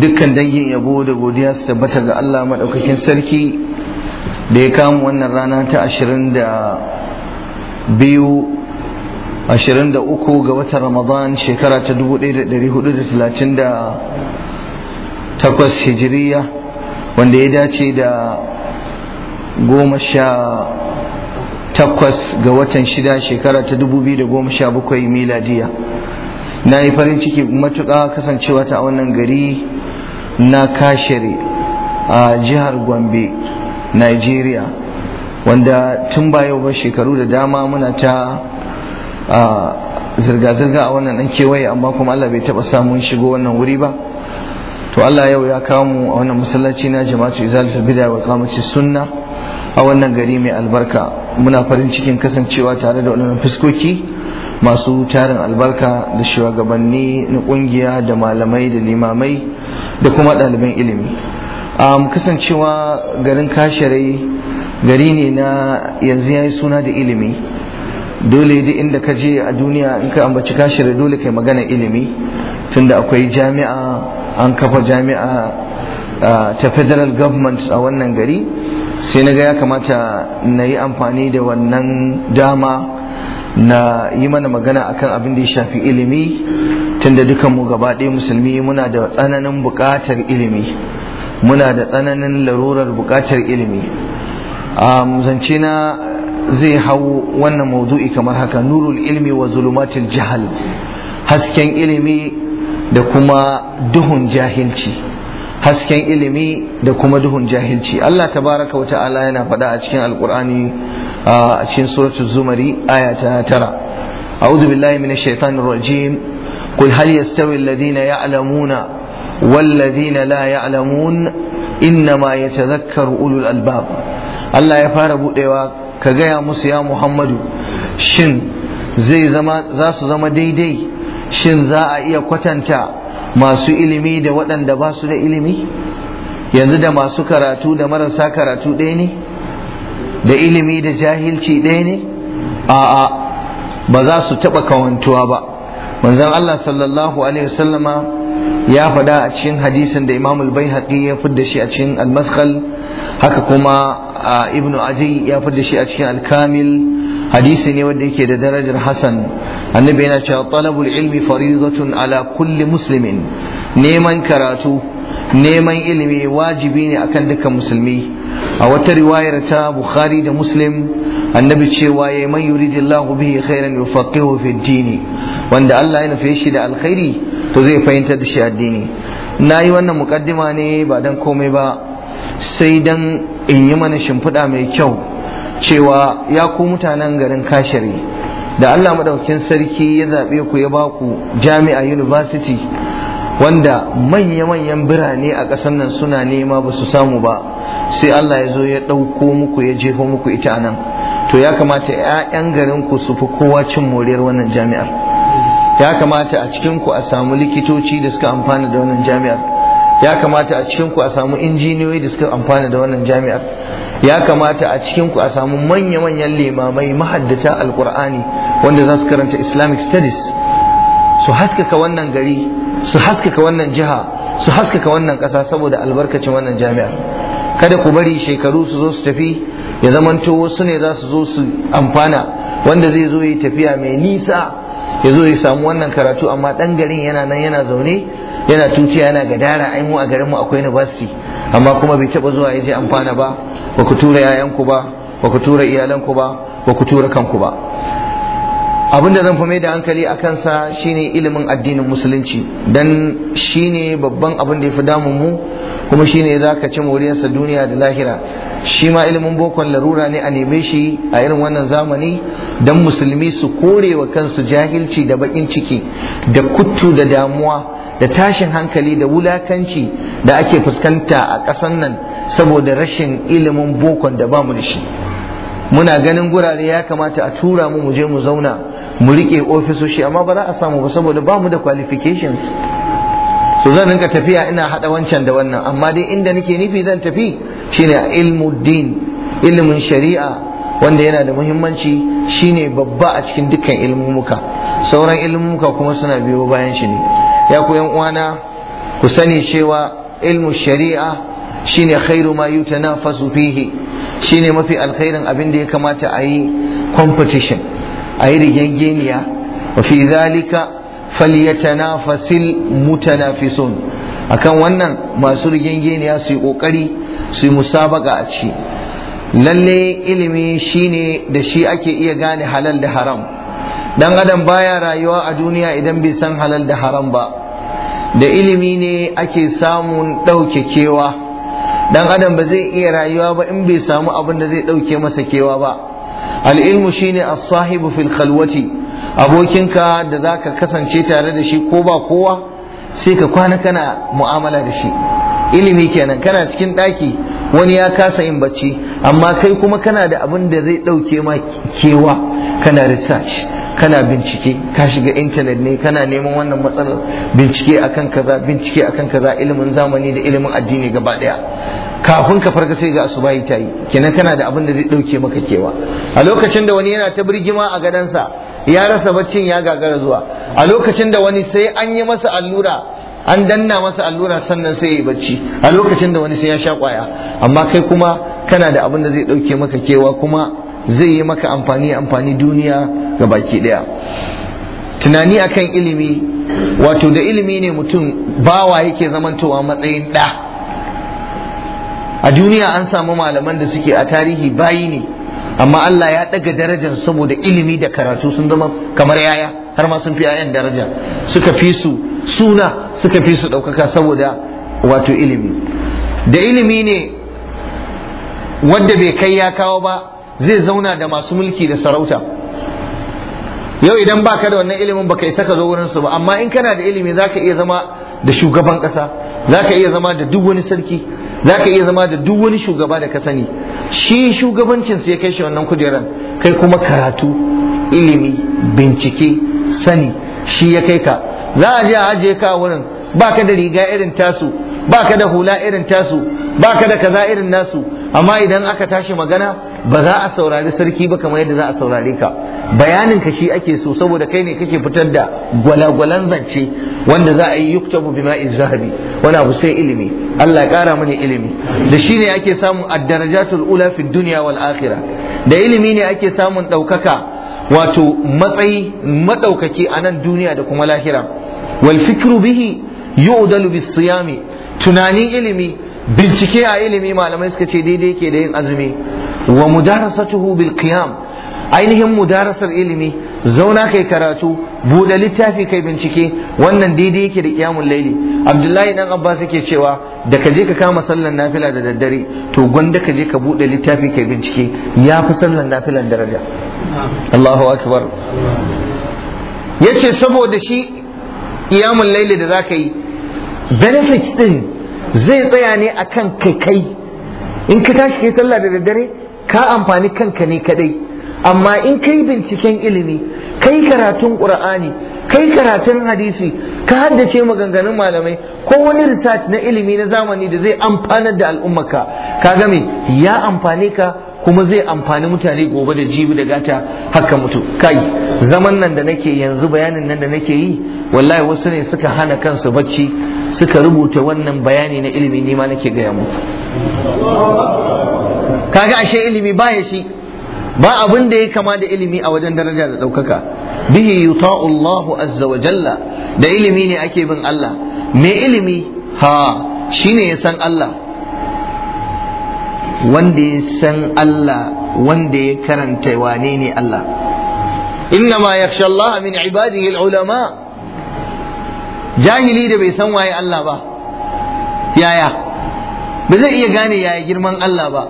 dukkan dangin yabo da godiya su tabbata ga Allah maɗaukakin sarki da ya kama wannan rana ta 22 uku ga watan ramadan shekara ta 1438 hijiriya wanda ya dace da goma sha takwas ga watan shida shekara ta 2017 miladiya na yi farin ciki matuƙa kasancewa ta wannan gari na kashiri a jihar gombe nigeria wanda tun ba yau ba shekaru da dama muna ta zirga-zirga a wannan ɗan kewaye amma kuma allah bai taba samun shigo wannan wuri ba to allah yau ya kawo mu a wannan masallaci na jama'atu da bid'a wa qamati sunna a wannan gari mai albarka muna farin cikin kasancewa tare da wannan fuskoki masu tarin albarka da shugabanni na kungiya da malamai da limamai da kuma ɗaliban ilimi kasancewa garin kashirai gari ne na yanzu ya yi suna da ilimi dole duk inda ka je a duniya in ka ambaci kashirai dole kai magana ilimi tunda akwai jami'a an kafa jami'a ta federal government a wannan gari sai na ga ya kamata na yi amfani da wannan dama na yi mana magana akan abin da ya shafi ilimi tunda dukan mu gaba ɗaya musulmi muna da tsananin buƙatar ilimi muna da tsananin larurar buƙatar ilimi a zance na zai hau wannan maudu'i kamar haka nurul ilmi wa zulumatul jahal hasken ilimi da kuma duhun jahilci hasken ilimi da kuma duhun jahilci Allah tabaraka wa ta'ala yana faɗa a cikin alkur'ani a cikin suratul zumari aya ta tara a'udhu billahi minash shaitanir rajim qul hal yastawi alladhina ya'lamuna walladhina la ya'lamun innama yatadhakkaru ulul albab Allah ya fara budewa ka gaya musu ya Muhammadu shin zai zama za su zama daidai shin za a iya kwatanta masu ilimi da waɗanda ba su da ilimi yanzu da masu karatu da marasa karatu ɗaya ne da ilimi da jahilci ɗaya ne a'a ba za su taɓa kawantuwa ba manzon Allah sallallahu alaihi wasallama ya faɗa a cikin hadisin da Imam al-Baihaqi ya fidda shi a cikin al maskal haka kuma Ibn Adi ya fidda shi a cikin al-Kamil hadisi ne wanda yake da darajar hasan annabi yana cewa talabul ilmi faridatun ala kulli muslimin neman karatu neman ilimi wajibi ne akan dukkan musulmi a wata riwayar ta bukhari da muslim annabi cewa ya man yuridillahu bihi khairan yufaqihu fi dini wanda Allah ya nufe shi da alkhairi to zai fahimtar da shi addini nayi wannan mukaddima ne ba dan komai ba sai dan in yi mana shimfiɗa mai kyau cewa ya ku mutanen garin kashiri da Allah madaukin sarki ya zaɓe ku ya ba ku jami'a university wanda manya-manyan birane a ƙasar nan suna nema ba su samu ba sai Allah ya zo ya ɗauko muku ya jefa muku ita nan to ya kamata 'ya'yan garin ku su fi kowa cin moriyar wannan jami'ar ya kamata a cikin ku a samu likitoci da suka amfana da wannan jami'ar ya kamata a cikin ku a samu injiniyoyi da suka amfana da wannan jami'ar ya kamata a cikin ku a samu manya-manyan limamai mahaddata alkur'ani wanda za su karanta islamic studies su haskaka wannan gari su haskaka wannan jiha su haskaka wannan ƙasa saboda albarkacin wannan jami'a kada ku bari shekaru su zo su tafi ya zamanto wasu ne za su zo su amfana wanda zai zo yi tafiya mai nisa ya zo ya samu wannan karatu amma dan garin yana nan yana zaune yana tuci yana gadara ai mu a garin mu akwai university amma kuma bai taba zuwa ya je amfana ba ba ku tura yayanku ba ba ku tura iyalanku ba ba ku tura kanku ba abinda zan fi mai da hankali a sa shine ilimin addinin musulunci dan shine babban abin da ya fi damun mu kuma shine za ka ci moriyarsa duniya da lahira shi ma ilimin bokon larura ne a neme shi a irin wannan zamani don musulmi su kore wa kansu jahilci da baƙin ciki da kuttu da damuwa da tashin hankali da wulakanci da ake fuskanta a kasan nan saboda rashin ilimin bokon da bamu da shi muna ganin gurare ya kamata a tura mu mu je mu zauna mu riƙe ofisoshi amma ba za a samu ba saboda bamu da qualifications so zan rinka tafiya ina hada wancan da wannan amma dai inda nake nufi zan tafi shine ilmuddin ilimin shari'a wanda yana da muhimmanci shine babba a cikin dukkan ilmumuka sauran ilmumuka kuma suna biyo bayan shi ne ya ku yan uwana ku sani cewa ilmu shari'a shine khairu ma yutanafasu fihi shine mafi alkhairin abin da ya kamata a yi competition a yi rigengeniya wa fi zalika falyatanafasil mutanafisun akan wannan masu rigingeniya su yi kokari su yi musabaka a ci lalle ilimi shine da shi ake iya gane halal da haram dan adam baya rayuwa a duniya idan bai san halal da haram ba da ilimi ne ake samun ɗauke kewa dan adam ba zai iya rayuwa ba in bai samu abin da zai ɗauke masa kewa ba al'ilmu shine as-sahibu fil khalwati abokinka da zaka kasance tare da shi ko ba kowa sai ka kwana kana mu'amala da shi ilimi kenan kana cikin ɗaki wani ya kasa yin bacci amma kai kuma kana da abin da zai ɗauke ma kewa kana research kana bincike ka shiga intanet ne kana neman wannan matsalar bincike akan kaza bincike akan kaza ilimin zamani da ilimin addini gaba ɗaya kafin ka farka sai ga bayi ta yi kenan kana da abin da zai ɗauke maka kewa a lokacin da wani yana ta birgima a gadansa ya rasa baccin ya gagara zuwa a lokacin da wani sai an yi masa allura an danna masa allura sannan sai ya yi bacci a lokacin da wani sai ya sha kwaya amma kai kuma kana da abin da zai dauke maka kewa kuma zai yi maka amfani amfani duniya ga baki ɗaya. tunani akan ilimi wato da ilimi ne mutum bawa yake zamantowa matsayin da a duniya an samu malaman da suke a tarihi bayi ne amma Allah ya daga darajar saboda ilimi da karatu sun zama kamar yaya har ma sun fi yayan daraja suka fi su suna suka fi su ɗaukaka saboda wato ilimi da ilimi ne wanda bai kai ya kawo ba zai zauna da masu mulki da sarauta yau idan baka da wannan ilimin baka isa ka zo wurin su ba amma in kana da ilimi zaka iya zama da shugaban ƙasa za ka iya zama da duk wani sarki za ka iya zama da duk wani shugaba da ka sani shi shugabancin ya kai shi wannan kujeran kai kuma karatu ilimi bincike sani shi ya kai ka za a je a ajiye ka a wurin ba ka da riga irin tasu ba ka da hula irin tasu ba ka da kaza irin nasu amma idan aka tashi magana ba za a saurari sarki ba kamar yadda za a saurari ka bayanin ka shi ake so saboda kai ne kake fitar da gwalagwalan zance wanda za a yi yuktabu bima zahabi wani abu sai ilimi Allah ya kara mana ilimi da shi ne ake samun ad-darajatul ula fi dunya wal akhirah da ilimi ne ake samun daukaka wato matsayi madaukaki a nan duniya da kuma lahira wal fikru bihi yu'dalu bis siyami tunanin ilimi bincike a ilimi malamai suka ce daidai ke da yin azumi wa mudarasatuhu bil qiyam ainihin mudarasar ilimi zauna kai karatu bude littafi kai bincike wannan daidai yake da kiyamun laili abdullahi dan abbas yake cewa da ka je ka kama sallar nafila da daddare to gwanda ka je ka bude littafi kai bincike ya fi sallan nafilan daraja allahu akbar yace saboda shi iyamun laili da zaka yi benefits din zai tsaya ne akan kai kai in ka tashi kai sallah da daddare ka amfani kanka ne kadai amma in kai binciken ilimi kai karatun qur'ani kai karatun hadisi ka haddace maganganun malamai ko wani research na ilimi na zamani da zai amfanar da al'ummarka ka ga me ya amfane ka kuma zai amfani mutane gobe da jibi da gata haka mutu kai zaman nan da nake yanzu bayanin nan da nake yi wallahi wasu ne suka hana kansu bacci suka rubuta wannan bayani na ilimi nima ma nake gaya muku kaga ashe ilimi ba shi ba abin da ya kama da ilimi a wajen daraja da ɗaukaka bihi yuta'u Allahu azza wa jalla da ilimi ne ake bin Allah me ilimi ha shine ya san Allah wanda ya san Allah wanda ya karanta wane ne Allah innama yakhsha Allah min ibadihi al-ulama jahili da bai san waye Allah ba yaya ba zai iya gane yaya girman Allah ba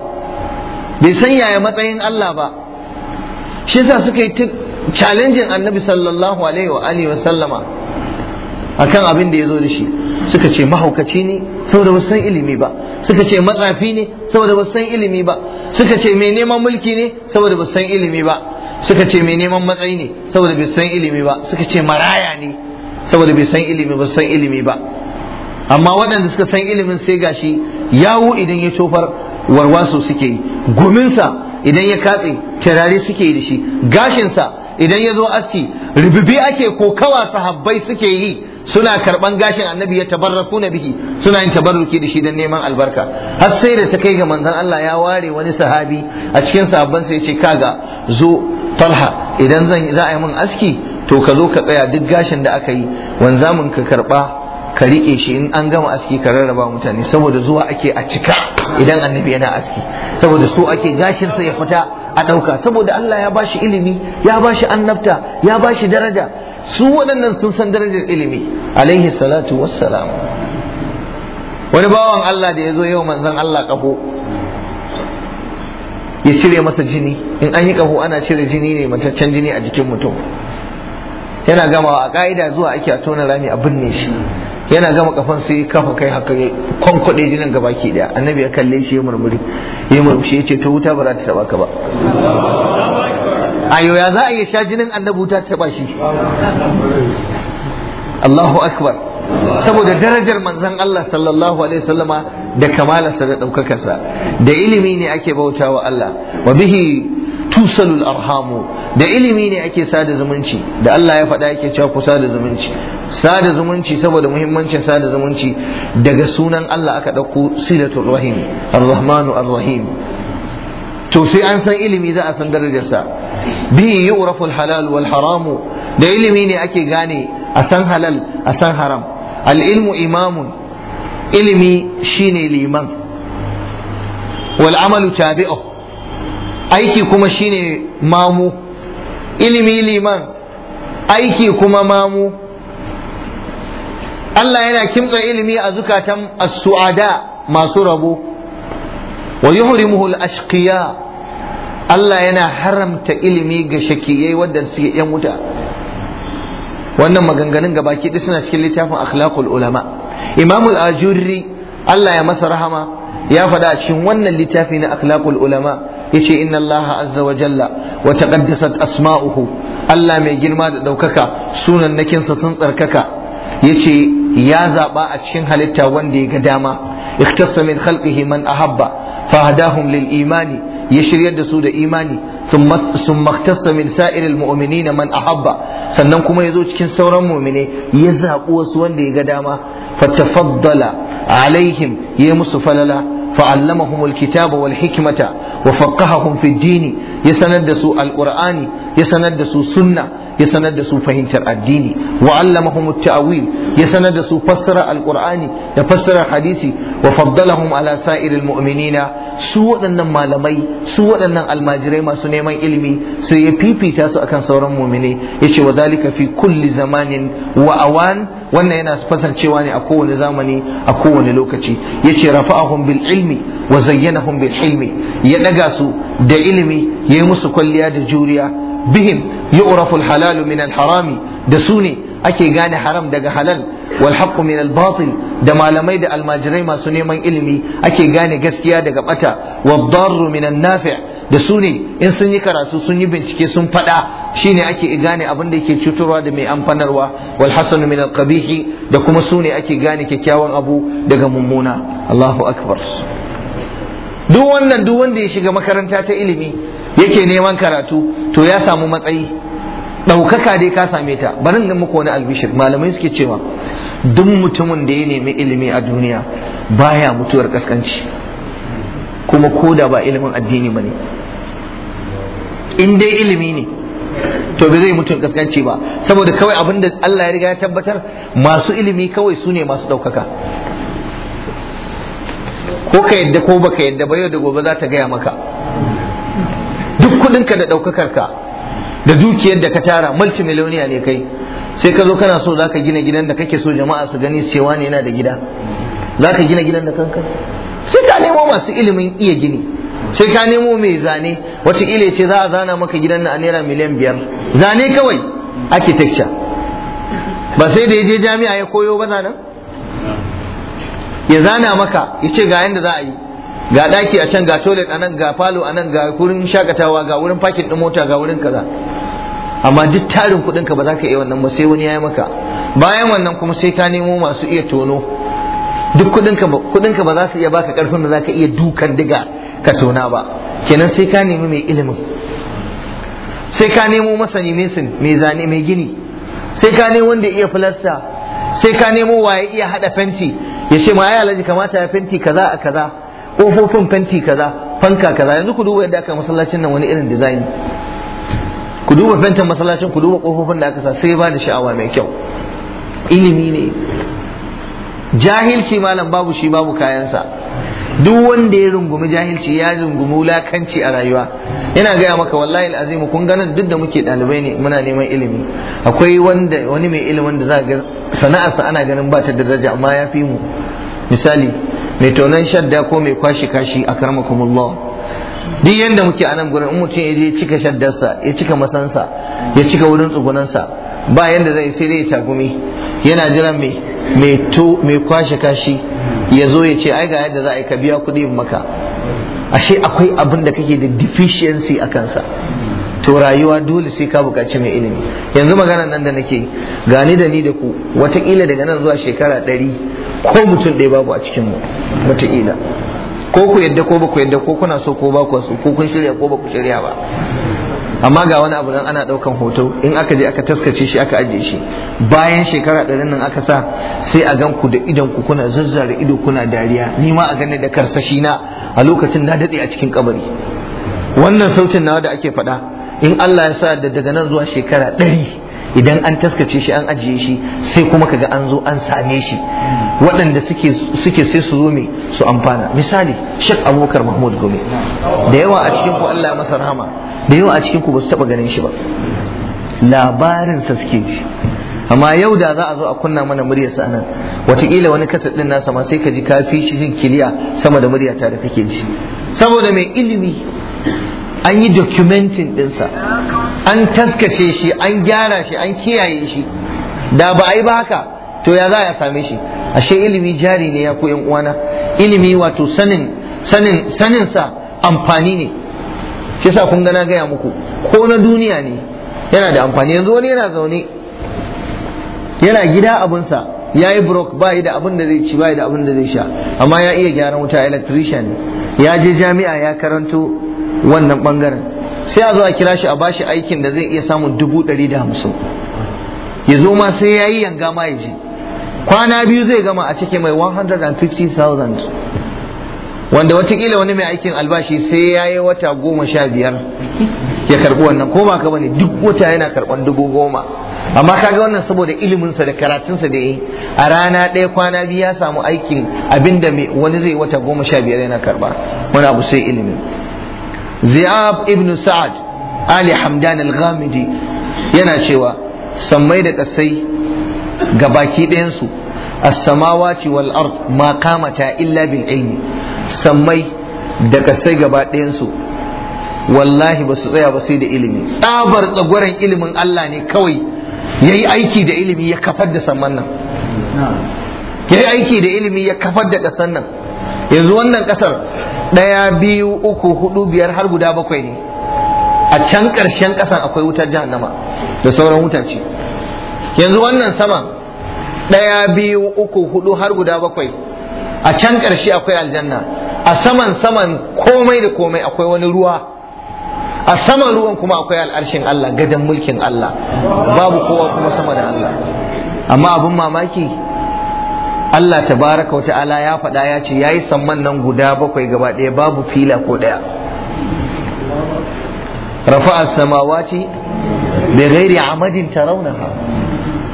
bai san yaya matsayin Allah ba shi yasa suka yi challenging annabi sallallahu alaihi wa alihi wa sallama akan abin da ya zo da shi suka ce mahaukaci ne saboda wasan san ilimi ba suka ce matsafi ne saboda wasan san ilimi ba suka ce mai neman mulki ne saboda basu san ilimi ba suka ce mai neman matsayi ne saboda bai san ilimi ba suka ce maraya ne saboda bai san ilimi ba san ilimi ba amma waɗanda suka san ilimin sai gashi yawo idan ya tofar warwaso suke yi guminsa idan ya katse kirare suke yi da shi gashinsa idan ya zo aski rububi ake ko kawa sahabbai suke yi suna karban gashin annabi ya tabarraku na bihi suna yin tabarruki da shi don neman albarka har sai da ta kai ga manzon Allah ya ware wani sahabi a cikin sahabban sai ce kaga zo talha idan zan za a yi min aski to ka zo ka tsaya duk gashin da aka yi wanzamin ka karba ka riƙe shi in an gama aski ka rarraba mutane saboda zuwa ake a cika idan annabi yana aski saboda so ake gashin sa ya fita a ɗauka saboda Allah ya bashi ilimi ya bashi annabta ya bashi daraja su waɗannan sun san darajar ilimi alaihi salatu wassalam wani bawan Allah da ya zo yau manzon Allah kafo ya cire masa jini in an yi kafo ana cire jini ne mataccen jini a jikin mutum yana gamawa a ka'ida zuwa ake a tona rami a binne shi yana gama kafan sai ya kafa kai haka ya kwankwaɗe jinin gaba ke daya annabi ya kalle shi ya murmuri ya murmushi ya ce ta wuta ba za ta taba ka ba ayo ya za a iya sha jinin annabi wuta ta taba shi Allahu akbar saboda darajar manzon Allah sallallahu alaihi wasallama da kamalarsa da ɗaukakarsa da ilimi ne ake bautawa Allah wa bihi tusalul arhamu da ilimi ne ake sada zumunci da Allah ya faɗa yake cewa ku sada zumunci sada zumunci saboda muhimmancin sada zumunci daga sunan Allah aka ɗauko silatul rahim ar-rahmanu to sai an san ilimi za a san darajarsa bi yu'rafu halal wal haramu da ilimi ne ake gane a san halal a san haram al-ilmu imamun ilimi shine liman wal amalu tabi'u aiki kuma shine mamu ilimi liman aiki kuma mamu Allah yana kimtsa ilimi a zukatan as-su'ada masu rabo wa yuhrimuhu al-ashqiya Allah yana haramta ilimi ga shakiyai wadda suke yan wuta wannan maganganun gabaki ɗaya suna cikin littafin akhlaqul ulama al ajurri Allah ya masa rahama ya faɗa a cikin wannan littafi na akhlaqul ulama yace inna Allah azza wa jalla wa taqaddasat asma'uhu Allah mai girma da daukaka sunan nakinsa sun tsarkaka yace ya zaba a cikin halitta wanda ya ga dama ikhtassa min khalqihi man ahabba fahadahum lil imani ya shiryar da su da imani sun ikhtassa min sa'iril mu'minina man ahabba sannan kuma yazo cikin sauran mu'mine ya zaɓi wasu wanda ya ga dama fatafaddala alaihim ya musu falala فعلمهم الكتاب والحكمة وفقههم في الدين يسند سوء القرآن يسند سوء السنة ya sanar da su fahimtar addini wa allamahum ta'wil ya sanar da su fassara alqur'ani da fassara hadisi wa faddalahum ala sa'iril mu'minina su waɗannan malamai su waɗannan almajirai masu neman ilimi su ya fifita su akan sauran mu'mine yace wa zalika fi kulli zamanin wa awan wannan yana fasancewa ne a kowane zamani a kowane lokaci yace rafa'ahum bil ilmi wa zayyanahum bil ilmi ya daga su da ilimi ya yi musu kwalliya da juriya bihim yu'rafu al-halal min al-haram da sune ake gane haram daga halal wal haqqu min al-batil da malamai da almajirai masu neman ilimi ake gane gaskiya daga bata wad darru min an-nafi' da sune in sun yi karatu sun yi bincike sun fada shine ake gane abin da yake cutarwa da mai amfanarwa wal hasanu min al-qabih da kuma sune ake gane kyakkyawan abu daga mummuna Allahu akbar duk wannan duk wanda ya shiga makaranta ta ilimi yake neman karatu to ya samu matsayi ɗaukaka dai ka same ta bari da muku wani albishir malamai suke cewa duk mutumin da ya nemi ilimi a duniya baya mutuwar kaskanci kuma ko da ba ilimin addini ba ne in dai ilimi ne to ba zai mutuwar kaskanci ba saboda kawai abin da Allah ya riga ya tabbatar masu ilimi kawai su ne masu ɗaukaka ko ka yadda ko baka yadda ba yau da gobe za ta gaya maka kudinka da ɗaukakarka da dukiyar da ka tara multimiliyoniya ne kai sai ka zo kana so za ka gina gidan da kake so jama'a su gani cewa ne yana da gida za ka gina gidan da kanka sai ka nemo masu ilimin iya gini sai ka nemo mai zane ile ce za a zana maka gidan na a naira miliyan biyar zane kawai architecture ba sai da ya je jami'a ya koyo ba zanen ya zana maka ya ce ga yadda za a yi ga daki a can ga toilet a nan ga falo a nan ga wurin shakatawa ga wurin parking din mota ga wurin kaza amma duk tarin kuɗin ka ba za ka iya wannan ba sai wani ya yi maka bayan wannan kuma sai ka nemo masu iya tono duk kuɗin ka ba za su iya baka karfin da za ka iya dukan diga ka tona ba kenan sai ka nemi mai ilimin sai ka nemo masani mesin mai zane mai gini sai ka nemo wanda iya filasta sai ka nemo waye iya hada fenti ya ce ma ya alhaji kamata ya fenti kaza a kaza kofofin fenti kaza fanka kaza yanzu ku duba yadda aka masallacin nan wani irin design ku duba fentin masallacin ku duba kofofin da aka sa sai ba da sha'awa mai kyau ilimi ne jahilci malam babu shi babu kayansa duk wanda ya rungumi jahilci ya rungumi wulakanci a rayuwa yana gaya maka wallahi al'azimu kun ganin duk da muke ɗalibai ne muna neman ilimi akwai wanda wani mai ilimin da za ga sana'arsa ana ganin ba ta daraja amma ya fi mu misali mai taunan shadda ko mai kwashi kashi a karmakumullah duk yadda muke a nan gurin in mutum ya je cika shaddarsa ya cika masansa ya cika wurin tsugunansa ba yadda zai sai dai tagumi yana jiran mai mai kwashe kashi ya zo ya ce ai ga yadda za a yi ka biya kuɗi maka ashe akwai abin da kake da deficiency a kansa to rayuwa dole sai ka bukaci mai ilimi yanzu maganar nan da nake gani da ni da ku wataƙila daga nan zuwa shekara ɗari ko mutum ɗaya babu a cikin mu wataƙila ko ku yadda ko ba ku yadda ko kuna so ko ba ku so ko kun shirya ko ba ku shirya ba amma ga wani abu nan ana ɗaukan hoto in aka je aka taskace shi aka ajiye shi bayan shekara ɗarin nan aka sa sai a ganku da idan ku kuna zazzara ido kuna dariya ni ma a gane da karsashi na a lokacin na daɗe a cikin kabari wannan sautin nawa da ake faɗa in Allah ya sa da daga nan zuwa shekara ɗari idan an taskace shi an ajiye shi sai kuma kaga an zo an same shi waɗanda suke sai su zo mai su amfana misali shek abokar Mahmud Gome da yawa a cikin ku Allah masa rahama da yawa a cikinku ba su taba ganin shi ba labarin sa suke ji amma yau da za a zo a kunna mana muryarsa nan watakila wani kasar din nasa ma sai ka ji kafi shi jin kiliya sama da ta da kake ji saboda mai ilimi an yi documentin ɗinsa an taskace shi an gyara shi an kiyaye shi da ba a yi ba haka to ya za a same shi ashe ilimi jari ne ya koyan uwana ilimi wato sanin sa amfani ne shi yasa kun na gaya muku ko na duniya ne yana da amfani yanzu wani yana zaune yana gida abinsa ya yi brok ba da abin da zai ci ba da abin da zai sha amma ya iya gyaran wuta electrician ya je jami'a ya karanto wannan bangaren sai a zo a kira shi a bashi aikin da zai iya samun dubu ɗari da hamsin ya zo ma sai ya yi yanga ma ya ji kwana biyu zai gama a cike mai 150,000 wanda watakila wani mai aikin albashi sai ya yi wata goma sha biyar ya karɓi wannan ko ba ka bane duk wata yana karɓan dubu goma amma kaga wannan saboda iliminsa da karatunsa da yi a rana ɗaya kwana biyu ya samu aikin abinda mai wani zai wata goma sha biyar yana karba wani abu sai ilimi zi'ab ibn sa'ad ali hamdan al-ghamidi yana cewa sammai da kasai ga baki ɗayansu as-samawati wal ard ma kamata illa bil ilmi sammai da kasai gaba ɗayansu wallahi ba su tsaya ba sai da ilimi tsabar tsagwaran ilimin Allah ne kawai ya yi aiki da ilimi ya kafar da saman nan ya yi aiki da ilimi ya kafar da ƙasar nan yanzu wannan ƙasar ɗaya biyu uku hudu biyar har guda bakwai ne a can ƙarshen ƙasar akwai wutar jahannama da sauran ce. yanzu wannan sama ɗaya biyu uku hudu har guda bakwai a can ƙarshe akwai aljanna a saman saman komai da komai akwai wani ruwa a saman ruwan kuma akwai al'arshin Allah gadon mulkin Allah babu kowa kuma sama da Allah amma abin mamaki Allah Ta baraka wata ala ya faɗa ya ce ya yi samman nan guda bakwai gaba ɗaya babu fila ko ɗaya rafa'a ce bi ghairi amadin tarawnaha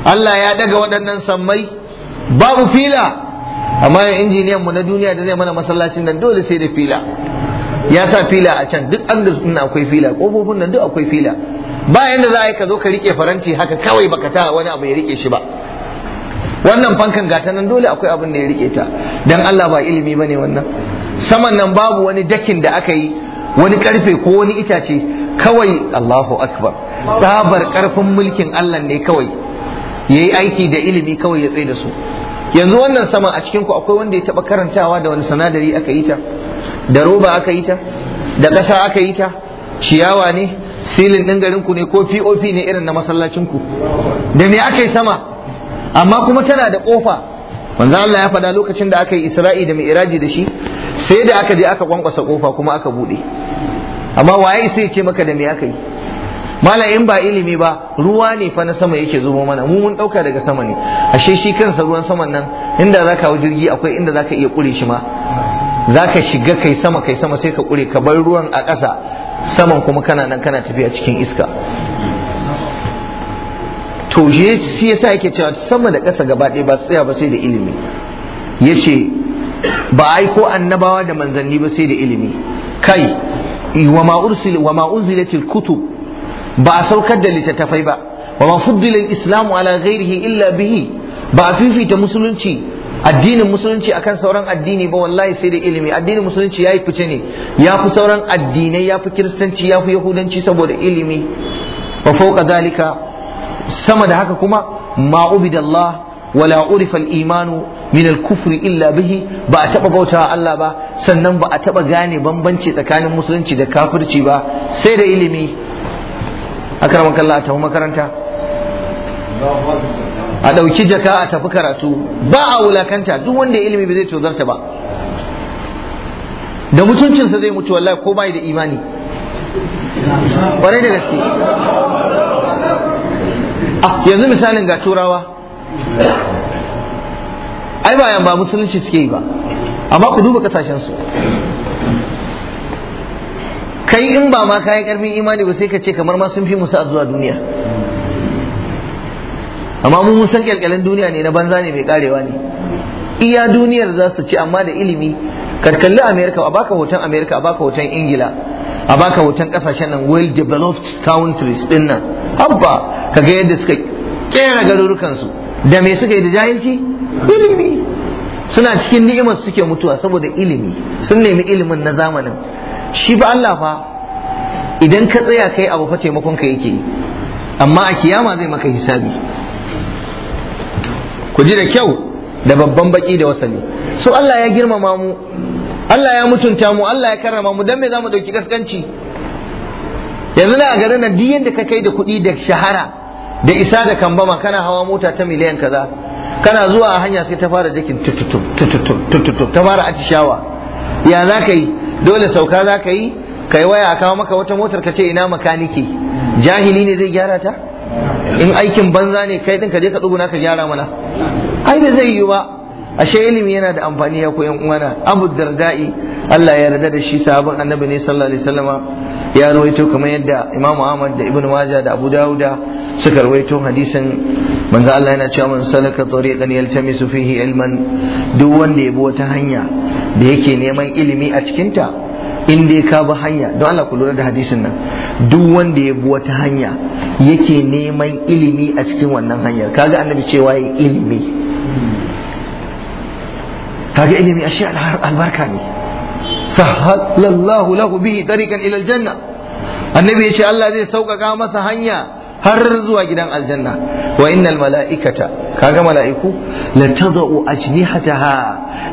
Allah ya daga waɗannan sammai babu fila amma injiniyan mu na duniya da zai mana masallacin nan dole sai da fila ya sa fila a can duk an din akwai fila kofofin nan duk akwai fila ba yanda za a yi ka zo ka rike faranti haka kawai baka ta wani abu ya rike shi ba wannan fankan gata nan dole akwai abin da ya rike ta dan Allah ba ilimi bane wannan saman nan babu wani dakin da aka yi wani karfe ko wani itace kawai Allahu akbar tsabar karfin mulkin Allah ne kawai yayi aiki da ilimi kawai ya tsaye da su yanzu wannan saman a cikinku akwai wanda ya taba karantawa da wani sanadari aka yi ta da roba aka yi ta da ƙasa aka yi ta ciyawa ne silin ɗin garin ku ne ko pop ne irin na masallacin ku. da me aka yi sama amma kuma tana da ƙofa manzo Allah ya faɗa lokacin da aka yi Isra'i da Mi'raji da shi sai da aka je aka kwankwasa ƙofa kuma aka buɗe amma waye sai ya ce maka da me aka yi mala in ba ilimi ba ruwa ne fa na sama yake zubo mana mu mun dauka daga sama ne ashe shi kansa ruwan saman nan inda zaka hau jirgi akwai inda zaka iya kure shi ma za ka shiga kai sama kai sama sai ka kure ka bar ruwan a ƙasa saman kuma kana nan kana tafiya cikin iska to shi yasa yake cewa sama da ƙasa gaba ɗaya ba su tsaya ba sai da ilimi yace ba aiko annabawa da manzanni ba sai da ilimi kai wa ma ursil wa ma unzilatil kutub ba a saukar da littattafai ba wa ma fuddila islamu ala ghairihi illa bihi ba a fifita musulunci addinin musulunci akan sauran addini ba wallahi sai da ilimi addinin musulunci yayi fice ne ya fi sauran addinai ya fi kiristanci ya fi yahudanci saboda ilimi wa fawqa zalika sama da haka kuma ma ubidallah wala urifal imanu min al-kufri illa bihi ba a taba bautawa Allah ba sannan ba a taba gane bambanci tsakanin musulunci da kafirci ba sai da ilimi akramakallah ta makaranta a ɗauki jaka a tafi karatu ba a wulakanta duk wanda ilimi ba zai tozarta ba da mutuncinsa zai mutu wallahi ko bai da imani ƙwarai da gaske ah, yanzu misalin ga turawa ai bayan ba musulunci suke yi ba amma ku duba kasashensu kai in ba ma kayan karfin imani ba sai ka ce kamar ma sun fi musu a zuwa duniya amma mu mun san kyalkyalin duniya ne na banza ne mai karewa ne iya duniyar za su ci amma da ilimi ka kalli america a baka hoton america a baka hoton ingila a baka hoton kasashen nan well developed countries din nan abba ka ga yadda suka kera garurukan su da me suka yi da jahilci ilimi suna cikin ni'imar suke mutuwa saboda ilimi sun nemi ilimin na zamanin shi ba Allah fa idan ka tsaya kai abu fa taimakon ka yake amma a kiyama zai maka hisabi ku ji da kyau da babban baki da wasali so Allah ya girmama mu Allah ya mutunta mu Allah ya karrama mu dan me zamu dauki gaskanci? yanzu na a garin nan duk yanda ka kai da kuɗi da shahara da isa da kambama kana hawa mota ta miliyan kaza kana zuwa a hanya sai ta fara jakin tututum tututu ta fara atishawa ya za ka yi dole sauka za ka yi kai waya a kawo maka wata motar ka ce ina makaniki jahili ne zai gyara ta in aikin banza ne kai din ka je ka duguna ka gyara mana ai ba zai yi ba ashe ilimi yana da amfani ya koyan uwana abu dardai Allah ya yarda da shi sabon annabi ne sallallahu alaihi wasallama ya rawaito kamar yadda Imam Ahmad da Ibn Majah da Abu Dawud suka rawaito hadisin manzo Allah yana cewa man salaka tariqan yaltamisu fihi ilman duk wanda ya bi wata hanya da yake neman ilimi a cikin ta in dai ka bi hanya don Allah ku lura da hadisin nan duk wanda ya bi wata hanya yake neman ilimi a cikin wannan hanyar kaga annabi cewa ya ilimi kaga ilimi ashe albarka ne sahalallahu lahu bihi tariqan ila aljanna annabi ya ce Allah zai sauƙaƙa masa hanya har zuwa gidan aljanna wa innal mala'ikata kaga mala'iku la tadau ajnihataha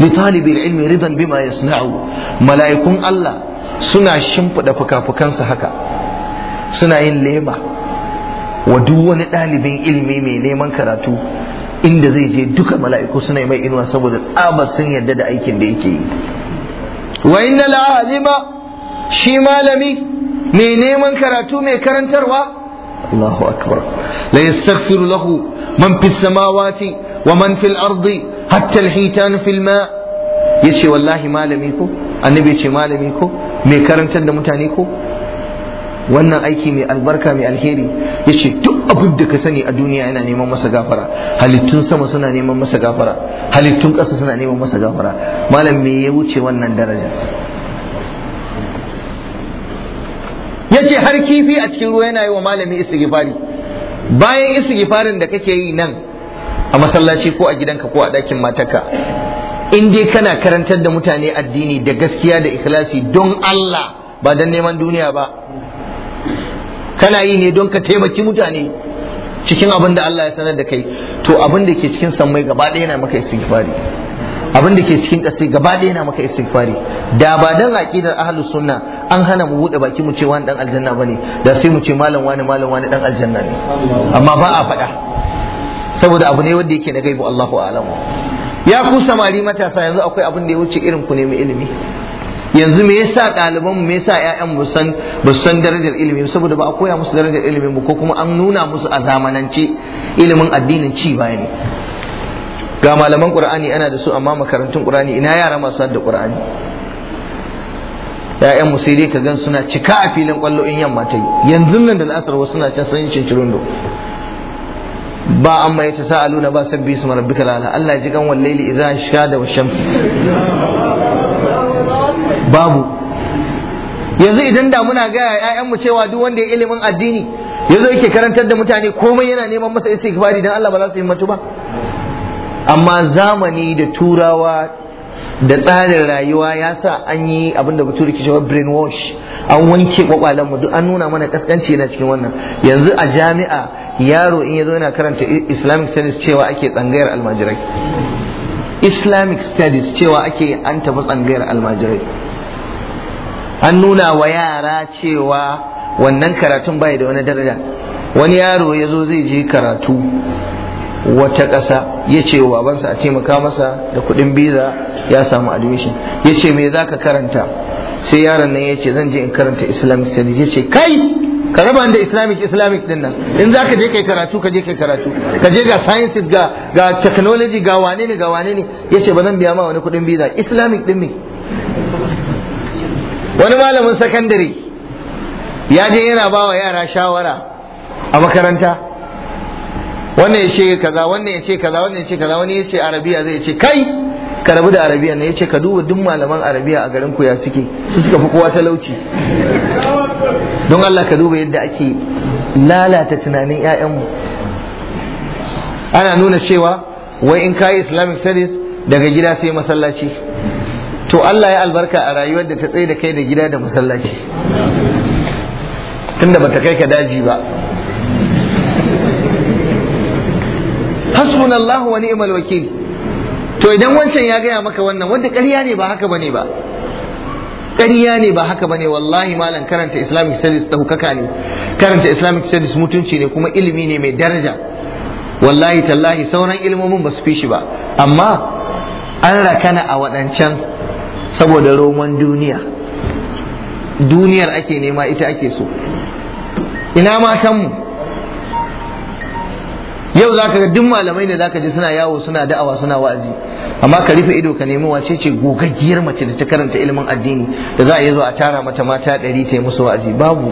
li talibi ilmi ridan bima yasna'u mala'ikun Allah suna shimfida fukafukansu haka suna yin lema wa duk wani ɗalibin ilimi mai neman karatu inda zai je duka mala'iku suna mai inuwa saboda tsabar sun yarda da aikin da yake yi wa inna la'alima shi malami mai neman karatu mai karantarwa Allahu akbar la lahu man fis samawati wa man fil ardi hatta al hitan fil ma yace wallahi malami ko annabi yace malami ko mai karantar da mutane ko wannan aiki mai albarka mai alheri ya ce duk abin da ka sani a duniya yana neman masa gafara halittun sama suna neman masa gafara halittun ƙasa suna neman masa gafara malam me ya wuce wannan daraja ya ce har kifi a cikin ruwa yana yi wa malami istighfari bayan istighfarin da kake yi nan a masallaci ko a gidanka ko a ɗakin mataka in dai kana karantar da mutane addini da gaskiya da ikhlasi don Allah ba don neman duniya ba kana yi ne don ka taimaki mutane cikin abin da Allah ya sanar da kai to abin da ke cikin sammai gaba ɗaya yana maka istighfari abin da ke cikin ƙasai gaba ɗaya yana maka istighfari da ba dan aqidar ahlu sunna an hana mu bude baki mu ce wani dan aljanna bane da sai mu ce malam wani malam wani dan aljanna ne amma ba a faɗa saboda abu ne wanda yake na gaibu Allahu a'lamu ya ku samari matasa yanzu akwai abin da ya wuce irin ku ne mai ilimi yanzu me yasa ɗaliban me yasa ƴaƴan mu san ba su san darajar ilimi saboda ba a koya musu darajar ilimi ba ko kuma an nuna musu a zamanance ilimin addinin ci baya ne ga malaman qur'ani ana da su amma makarantun qur'ani ina yara masu da qur'ani ƴaƴan mu sai dai ka gan suna cika a filin kwallo in yamma ta yi yanzu nan da al'asar wasu suna can sanin cincirundo ba amma ya ta sa'aluna ba sabbi su marabbika lala Allah ya ji kan wallaili idza shada wash shamsi babu yanzu idan da muna ga ya'yanmu cewa duk wanda ya ilimin addini zo yake karantar da mutane komai yana neman masa istighfari dan Allah ba za su himmatu ba amma zamani da turawa da tsarin rayuwa ya sa an yi abinda bature ke cewa brain wash an wanke kwakwalan mu duk an nuna mana kaskanci yana cikin wannan yanzu a jami'a yaro in yazo yana karanta islamic studies cewa ake tsangayar almajirai islamic studies cewa ake an tafi tsangayar almajirai an nuna wa yara cewa wannan karatun bai da wani daraja wani yaro ya zo zai je karatu wata ƙasa ya ce wa babansa a taimaka masa da kuɗin biza ya samu admission ya ce me za ka karanta sai yaron nan ya ce zan je in karanta islamic studies ya ce kai ka raba da islamic islamic din nan in za ka je kai karatu ka je kai karatu ka je ga sciences ga ga technology ga wane ne ga wane ne ya ce ba zan biya ma wani kuɗin biza islamic din me wani malamin sakandare ya je yana ba wa yara shawara a makaranta wannan ya ce kaza wannan ya ce kaza wannan ya ce kaza wani ya ce arabiya zai ce kai ka rabu da arabiya ne ya ce ka duba duk malaman arabiya a garin ku ya suke su suka fi kowa talauci don Allah ka duba yadda ake lalata tunanin 'ya'yanmu ana nuna cewa wai in kayi islamic studies daga gida sai masallaci to Allah ya albarka a rayuwar da ta tsaye da kai da gida da masallaci tunda bata kai ka daji ba hasbunallahu wa ni'mal wakil to idan wancan ya gaya maka wannan wanda ƙarya ne ba haka bane ba ƙarya ne ba haka bane wallahi malam karanta islamic studies ɗaukaka ne karanta islamic studies mutunci ne kuma ilimi ne mai daraja wallahi tallahi sauran ilmomin ba su fi shi ba amma an rakana a waɗancan saboda roman duniya duniyar ake nema ita ake so ina matanmu yau za ka ga duk malamai da za ka ji suna yawo suna da'awa suna wa'azi amma ka rufe ido ka nemi wace ce gogaggiyar mace da ta karanta ilimin addini da za a yi zo a tara mata mata ɗari ta yi musu wa'azi babu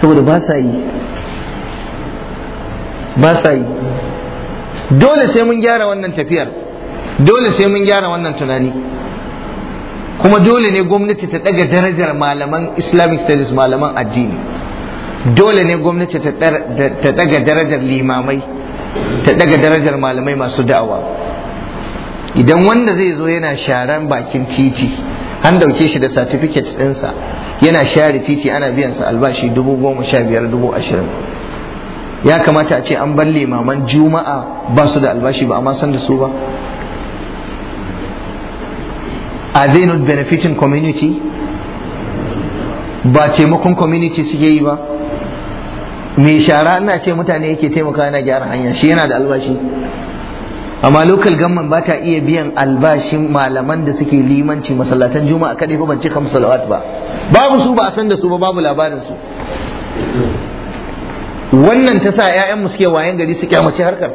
saboda ba sa yi ba sa yi dole sai mun gyara wannan tafiyar dole sai mun gyara wannan tunani kuma dole ne gwamnati ta daga darajar malaman islamic studies malaman addini dole ne gwamnati ta daga darajar limamai ta daga darajar malamai masu da'awa idan wanda zai zo yana sharan bakin titi an dauke shi da certificate ɗinsa yana share titi ana biyan sa albashi dubu goma biyar dubu ashirin ya kamata a ce an bar limaman juma'a ba su da albashi ba amma san da su ba are they not benefiting community ba taimakon community suke yi ba mai shara ana ce mutane yake taimaka na gyara hanya shi yana da albashi amma local government ba ta iya biyan albashin malaman da suke limanci masallatan juma'a kadai ba ban cika salawat ba babu su ba a san da su ba babu labarin su wannan ta sa mu suke wayan gari su kyamace harkar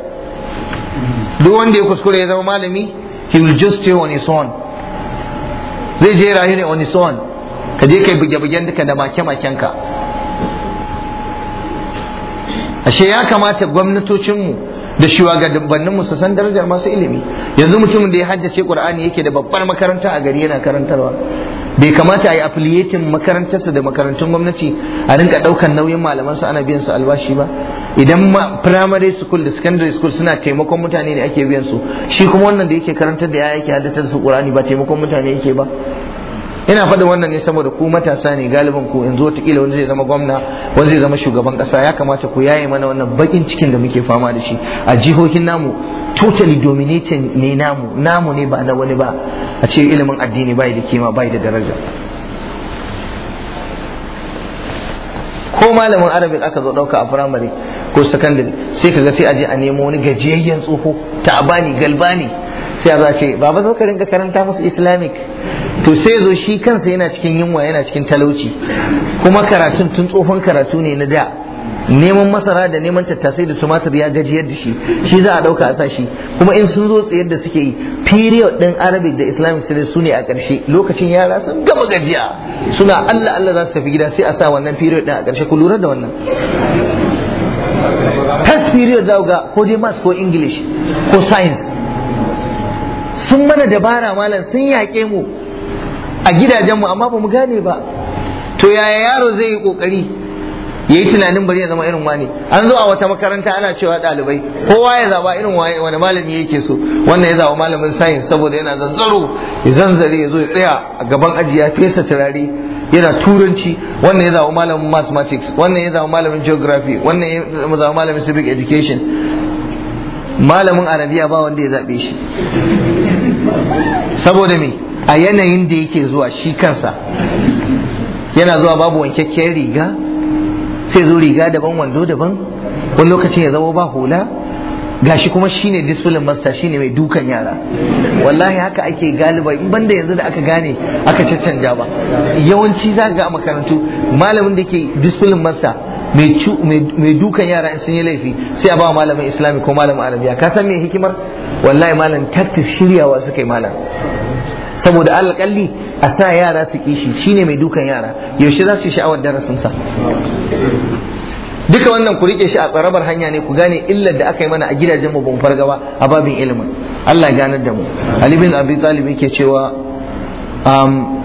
duk wanda ya kuskure ya zama malami he will just stay on his own zai je rayu ne wani son ka je kai buge-bugen duka da make-maken ka ashe ya kamata gwamnatocinmu da shugabanninmu su san darajar masu ilimi yanzu mutumin da ya haddace qur'ani yake da babbar makaranta a gari yana karantarwa bai kamata a yi affiliating makarantarsa da makarantun gwamnati a rinka ɗaukan nauyin malaman su ana biyan su albashi ba idan ma primary school da secondary school suna taimakon mutane ne ake biyan su shi kuma wannan da yake karantar da yaya yake haddatar su qur'ani ba taimakon mutane yake ba ina faɗin wannan ne saboda ku matasa ne galibin ku in zo kila wani zai zama gwamna wani zai zama shugaban ƙasa ya kamata ku yaye mana wannan bakin cikin da muke fama da shi a jihohin namu totally dominating ne namu namu ne ba na wani ba a ce ilimin addini bai da kima bai da daraja ko malamin arabi aka zo ɗauka a firamare ko sakandare sai ka ga sai a je a nemo wani gajiyayyen tsoho ta'abani galbani sai za a ce ba zo ka rinka karanta musu islamic to sai zo shi kansa yana cikin yunwa yana cikin talauci kuma karatun tun tsohon karatu ne na da neman masara da neman tattasai da tumatir ya gajiyar da shi shi za a ɗauka a sashi kuma in sun zo tsayar da suke yi period ɗin arabic da islamic sai su ne a ƙarshe lokacin yara sun gama gajiya suna allah allah za su tafi gida sai a sa wannan period ɗin a ƙarshe ku lura da wannan first period za ga ko dai ko english ko science sun mana dabara malam sun yaƙe mu a gidajenmu amma ba mu gane ba to yaya yaro zai yi ƙoƙari ya yi tunanin bari ya zama irin wani an zo a wata makaranta ana cewa ɗalibai kowa ya zaba irin wani malami yake so wannan ya zaba malamin sayin saboda yana zanzaro ya zanzare ya zo ya tsaya a gaban ajiya. ya fesa turare yana turanci wannan ya zaba malamin mathematics wannan ya zaba malamin geography wannan ya zaba malamin civic education malamin arabiya ba wanda ya zaɓe shi saboda me a yanayin da yake zuwa shi kansa yana zuwa babu wankakken riga sai zo riga daban wando daban wani lokacin ya zama ba hula Ga shi kuma shine discipline master shine mai dukan yara wallahi haka ake galiba in banda yanzu da aka gane aka caccanja ba yawanci za ga a makarantu malamin da ke discipline master mai dukan yara in sun yi laifi sai a ba malamin islami ko malamin arabiya ka san me hikimar wallahi malam taktis shiryawa suka yi malam saboda alƙalli a sa yara su kishi shine mai dukan yara yaushe za su sha'awar darasin sa duka wannan ku rike shi a tsarabar hanya ne ku gane illar da aka yi mana a gidajen mu fargaba a babin ilimin Allah ya ganar da mu Ali bin Abi Talib yake cewa um,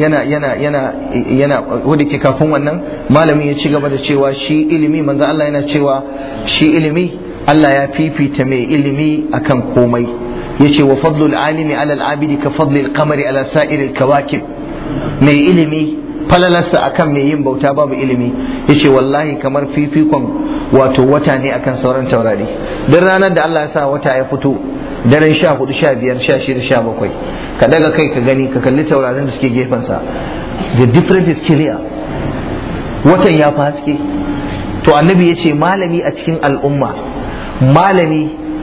yana yana yana yana wanda ke kafin wannan malami ya ci gaba da cewa shi ilimi manzo Allah yana cewa shi ilimi Allah ya fifita mai ilimi akan komai yace wa fadlul alimi ala al-abidi ka fadlil qamari ala al kawakib mai ilimi falalarsa akan mai yin bauta babu ilimi yace wallahi kamar fifikon wato wata ne akan sauran taurari duk ranar da Allah ya sa wata ya fito daren sha hudu sha biyar sha shida sha bakwai ka daga kai ka gani ka kalli taurarin da suke gefensa the difference is clear watan ya fi haske to annabi ya ce malami a cikin al'umma malami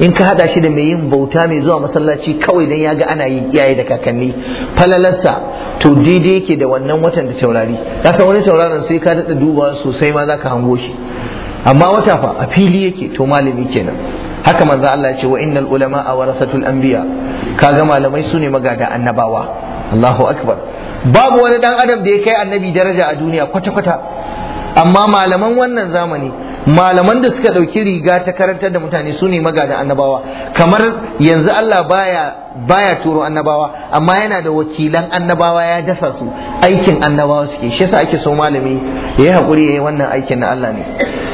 in ka hada shi da mai yin bauta mai zuwa masallaci kawai dan ya ga ana yi iyaye da kakanni falalarsa to daidai yake da wannan watan da taurari ka san wani tauraron sai ka daɗa dubawa sosai ma za ka hango shi amma wata fa a fili yake to malami kenan haka manzo Allah ya ce wa innal ulama warasatul anbiya kaga malamai su ne magada annabawa Allahu akbar babu wani dan adam da ya kai annabi daraja a duniya kwata kwata amma malaman wannan zamani malaman da suka ɗauki riga ta karantar da mutane su ne magada annabawa kamar yanzu Allah baya baya turo annabawa amma yana da wakilan annabawa ya dasa su aikin annabawa suke shi yasa ake so malami yayi hakuri yayi wannan aikin na Allah ne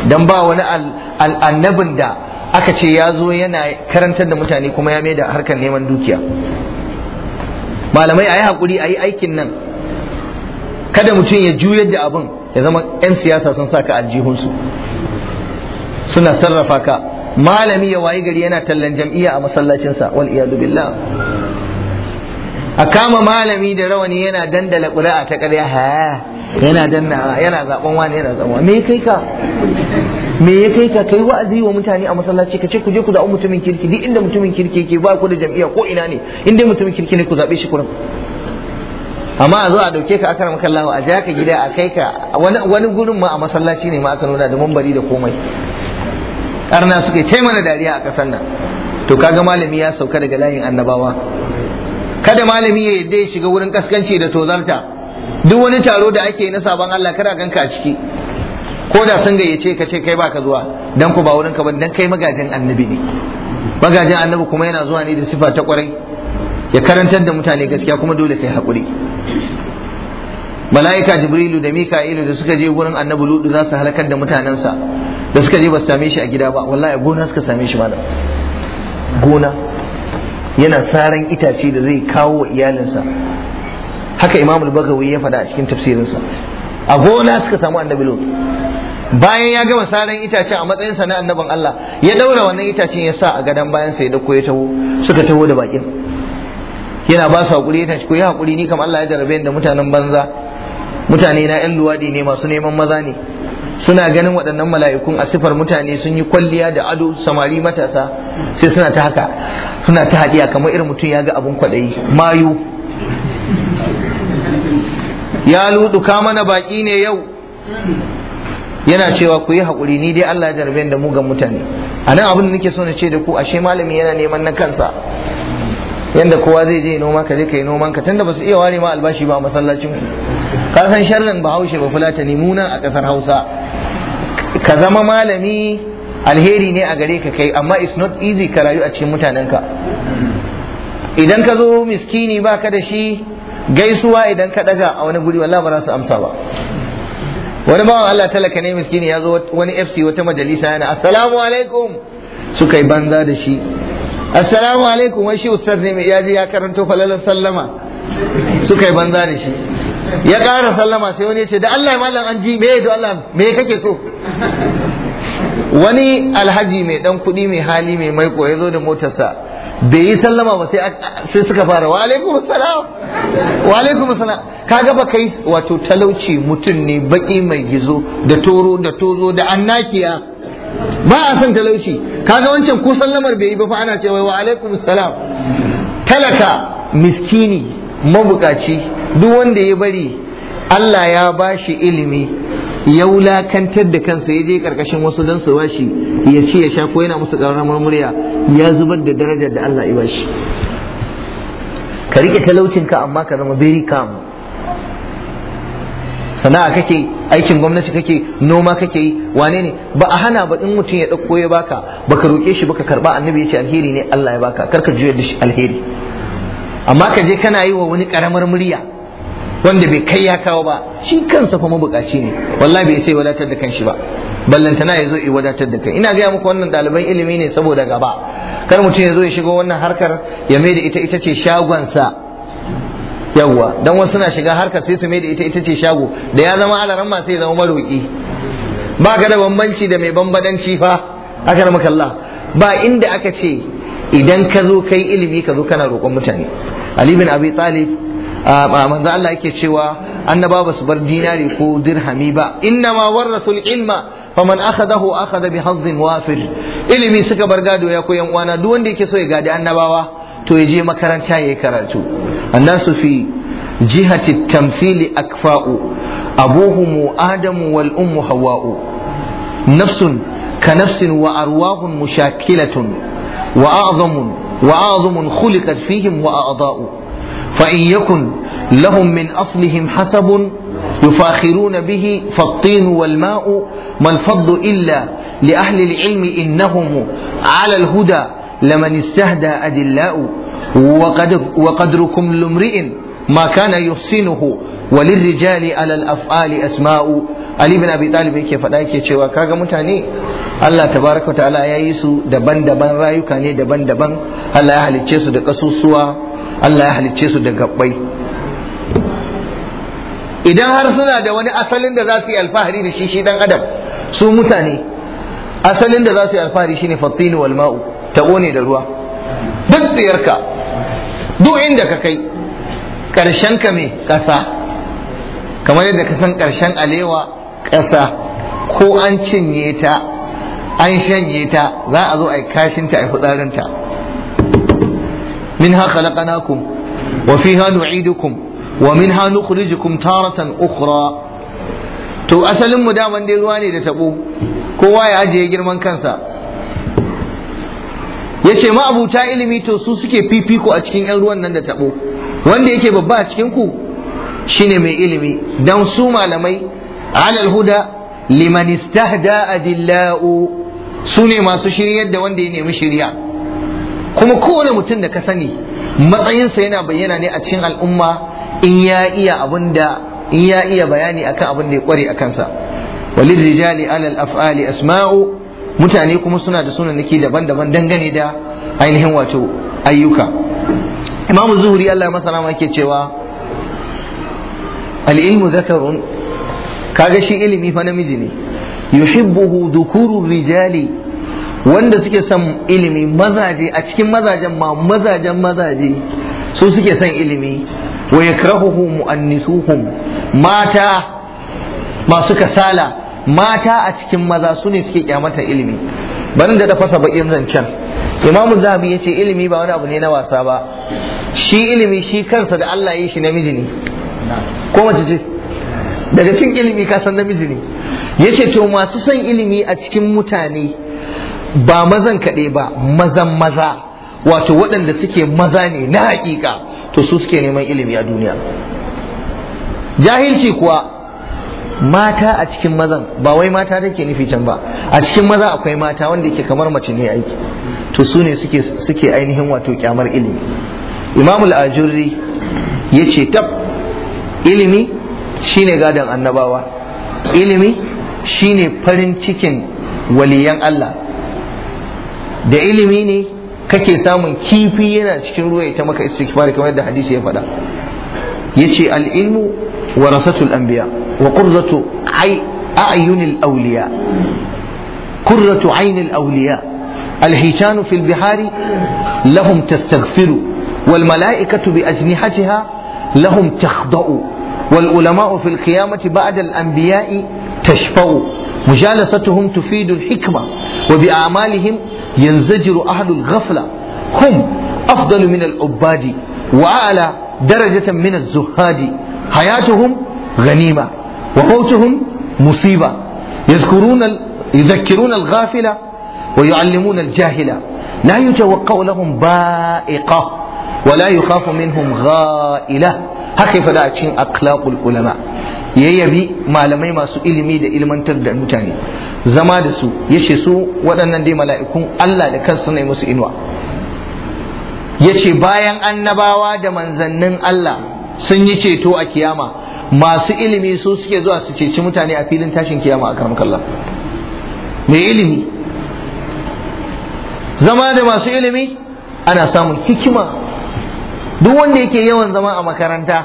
dan ba wani annabin da aka ce ya zo yana karantar da mutane kuma ya mai da harkar neman dukiya malamai a yi haƙuri a yi aikin nan kada mutum ya juyar da abin ya zama 'yan siyasa sun sa ka aljihunsu suna sarrafa ka malami ya wayi gari yana tallan jam'iyya a masallacinsa wal iyadu billah a kama malami da rawani yana dandala ƙuri'a ta ƙarya ha yana danna yana zaɓen wani yana zaɓen me kai ka me ya kai ka kai wa'azi wa mutane a masallaci ka ce ku je ku zaɓi mutumin kirki duk inda mutumin kirki yake ba ku da jam'iyya ko ina ne in dai mutumin kirki ne ku zaɓe shi kurin amma a zo a dauke ka aka maka Allah a ja ka gida a kai ka wani gurin ma a masallaci ne ma aka nuna da mambari da komai arna suke kai mana dariya a kasan nan to kaga malami ya sauka daga layin annabawa kada malami ya yadda ya shiga wurin kaskanci da tozarta duk wani taro da ake na sabon Allah kada ganka a ciki ko da sun gayyace ka ce kai baka zuwa dan ku ba wurin ka ba dan kai magajin annabi ne magajin annabi kuma yana zuwa ne da sifa ta kwarai ya karantar da mutane gaskiya kuma dole kai hakuri mala'ika jibrilu da mika'ilu da suka je gurin annabi ludu za su halakar da mutanensa da suka je ba su same shi a gida ba wallahi gona suka same shi malam gona yana saran itace da zai kawo wa iyalinsa haka imamul bagawi ya faɗa a cikin tafsirinsa a gona suka samu annabi lutu bayan ya gama saran itacen a matsayin sana na annabin Allah ya daura wannan itacen ya sa a gadon bayan sa ya dauko ya taho suka taho da bakin yana ba su hakuri ya tashi ko ya hakuri ni kam Allah ya jarabe da mutanen banza mutane na yan luwadi ne masu neman maza ne suna ganin waɗannan mala'ikun a sifar mutane sun yi kwalliya da ado samari matasa sai suna ta haka suna ta hadiya kamar irin mutum ya ga abun kwaɗayi mayu ya ka mana baki ne yau yana cewa ku yi haƙuri ni dai Allah ya jarabe da mugan mutane a nan abin da nake so na ce da ku ashe malami yana neman na kansa yanda kowa zai je noma ka je ka yi noman ka tunda ba su iya ware ma albashi ba a masallacin ka san sharrin bahaushe ba fulatani muna a ƙasar hausa ka zama malami alheri ne a gare ka kai amma it's not easy ka rayu a cikin ka, idan ka zo miskini ba ka da shi gaisuwa idan ka daga a wani guri wallahi ba za su amsa ba wani bawan Allah talaka ne miskini ya zo wani FC wata majalisa yana assalamu alaikum suka yi banza da shi assalamu alaikum wai shi ustaz ne ya je ya karanto falalar sallama suka yi banza da shi ya ƙara sallama sai wani ya ce da Allah malam an ji me da Allah me kake so wani alhaji mai dan kuɗi mai hali mai maiko ya zo da motarsa bai yi sallama ba sai suka fara wa alaikum salam wa alaikum salam kaga ba kai wato talauci mutum ne baki mai gizo da toro da tozo da annakiya ba a son talauci kaga wancan ko sallamar bai yi ba fa ana cewa wa alaikum salam talaka miskini mabukaci duk wanda ya bari Allah ya bashi ilimi ya wulakantar da kansa ya je karkashin wasu don su bashi ya ce ya sha ko yana musu ƙarar murmurya ya zubar da darajar da Allah ya bashi ka rike talaucinka amma ka zama very calm sana'a kake aikin gwamnati kake noma kake yi wane ne ba a hana ba in mutum ya ɗauko ya baka baka roƙe shi baka karba annabi ya ce alheri ne Allah ya baka kar ka da shi alheri amma ka je kana yi wa wani ƙaramar murya wanda bai kai ya kawo ba shi kansa fa mabukaci ne wallahi bai sai wadatar da kanshi ba ballantana ya zo ya wadatar da kai ina gaya muku wannan ɗaliban ilimi ne saboda gaba kar mutum ya zo ya shigo wannan harkar ya mai da ita ita ce shagonsa yawwa dan wasu suna shiga harkar sai su mai da ita ita ce shago da ya zama alaran ma sai ya zama maroki ba ka da bambanci da mai bambadanci fa akar makalla ba inda aka ce idan ka zo kai ilimi ka zo kana roƙon mutane ali bin abi talib manzo Allah yake cewa annaba ba su bar dinari ko dirhami ba inna ma warasul ilma faman akhadahu akhadha bi hazzin wafir ilimi suka bar gado ya koyan uwana duk wanda yake so ya gadi annabawa to ya je makaranta ya karatu annasu fi jihati tamthili akfa'u abuhum adamu wal ummu hawa'u nafsun ka nafsin wa arwahun mushakilatun wa a'zamun wa a'zamun khuliqat fihim wa a'da'u فإن يكن لهم من أصلهم حسب يفاخرون به فالطين والماء ما الفضل إلا لأهل العلم إنهم على الهدى لمن استهدى أدلاء وقد وقدركم لامرئ ما كان يحسنه وللرجال على الأفعال أسماء علي بن أبي طالب يكي فتاكي شوى كاغا متاني الله تبارك وتعالى يا يسو yi su رايو كاني rayuka ne الله daban يسو ya Allah ya halicce su da gabbai idan har suna da wani asalin da za su yi alfahari da shi shi dan adam su mutane asalin da za su yi alfahari shine fattini wal ma'u tabo ne da ruwa duk tsiyarka duk inda ka kai karshen ka me kasa kamar yadda ka san karshen alewa kasa ko an cinye ta an shanye ta za a zo a yi kashinta a yi fitsarinta منها خلقناكم وفيها نعيدكم ومنها نخرجكم تارة أخرى to asalin mu daman dai ruwa ne da taɓo? kowa ya ajiye girman kansa yace ma abuta ilimi to su suke fifiko a cikin yan ruwan nan da tabo wanda yake babba a cikin ku shine mai ilimi dan su malamai alal huda liman istahda adillau su ne masu shiryar da wanda ya nemi shirya kuma kowane mutum da ka sani matsayinsa yana bayyana ne a cikin al'umma in ya iya abin in ya iya bayani akan abin da ya kware a kansa walil rijali alal af'ali asma'u mutane kuma suna da sunanaki daban-daban dangane da ainihin wato ayyuka imamu zuhuri Allah masa rama yake cewa al-ilmu zakarun kaga shi ilimi fa namiji ne yuhibbuhu dhukuru rijali wanda suke son ilimi mazaje a cikin mazajen ma mazajen mazaje su suke son ilimi wa yakrahuhu mu'annisuhum mata masu kasala mata a cikin maza su ne suke kyamata ilimi barin da fasa bakin zancen imamu zahabi ya ce ilimi ba wani abu ne na wasa ba shi ilimi shi kansa da Allah ya yi shi namiji ne ko mace ce daga cin ilimi ka san namiji ne yace to masu son ilimi a cikin mutane ba mazan kaɗai ba mazan maza wato waɗanda suke maza ne na haƙiƙa to su suke neman ilimi a duniya jahilci kuwa mata a cikin mazan ba wai mata take nufi can ba a cikin maza akwai mata wanda yake kamar mace ne aiki to su ne suke ainihin wato kyamar ilimi imamul ajurri ya ce tab ilimi shine gadon annabawa ilimi shine farin cikin waliyan Allah da ilimi ne kake samun kifi yana cikin ruwa ita maka istighfar kamar yadda hadisi ya faɗa yace al-ilmu warasatul anbiya wa qurratu a'yunil awliya qurratu aynil awliya الهيتان في البحار لهم تستغفر والملائكة بأجنحتها لهم تخضأ والعلماء في القيامة بعد الأنبياء تشفع مجالستهم تفيد الحكمة وبأعمالهم ينزجر أهل الغفلة هم أفضل من العباد وأعلى درجة من الزهاد حياتهم غنيمة وموتهم مصيبة يذكرون يذكرون الغافلة ويعلمون الجاهلة لا يتوقع لهم بائقة ولا يخاف منهم غائلة haka ya faɗa a cikin akhlaqul ulama ya yabi malamai masu ilimi da ilmantar da mutane zama da su yace su waɗannan dai mala'ikun Allah da kansu ne musu inuwa yace bayan annabawa da manzannin Allah sun yi ceto a kiyama masu ilimi su suke zuwa su ceci mutane a filin tashin kiyama a karmakallah mai ilimi zama da masu ilimi ana samun hikima duk wanda yake yawan zama a makaranta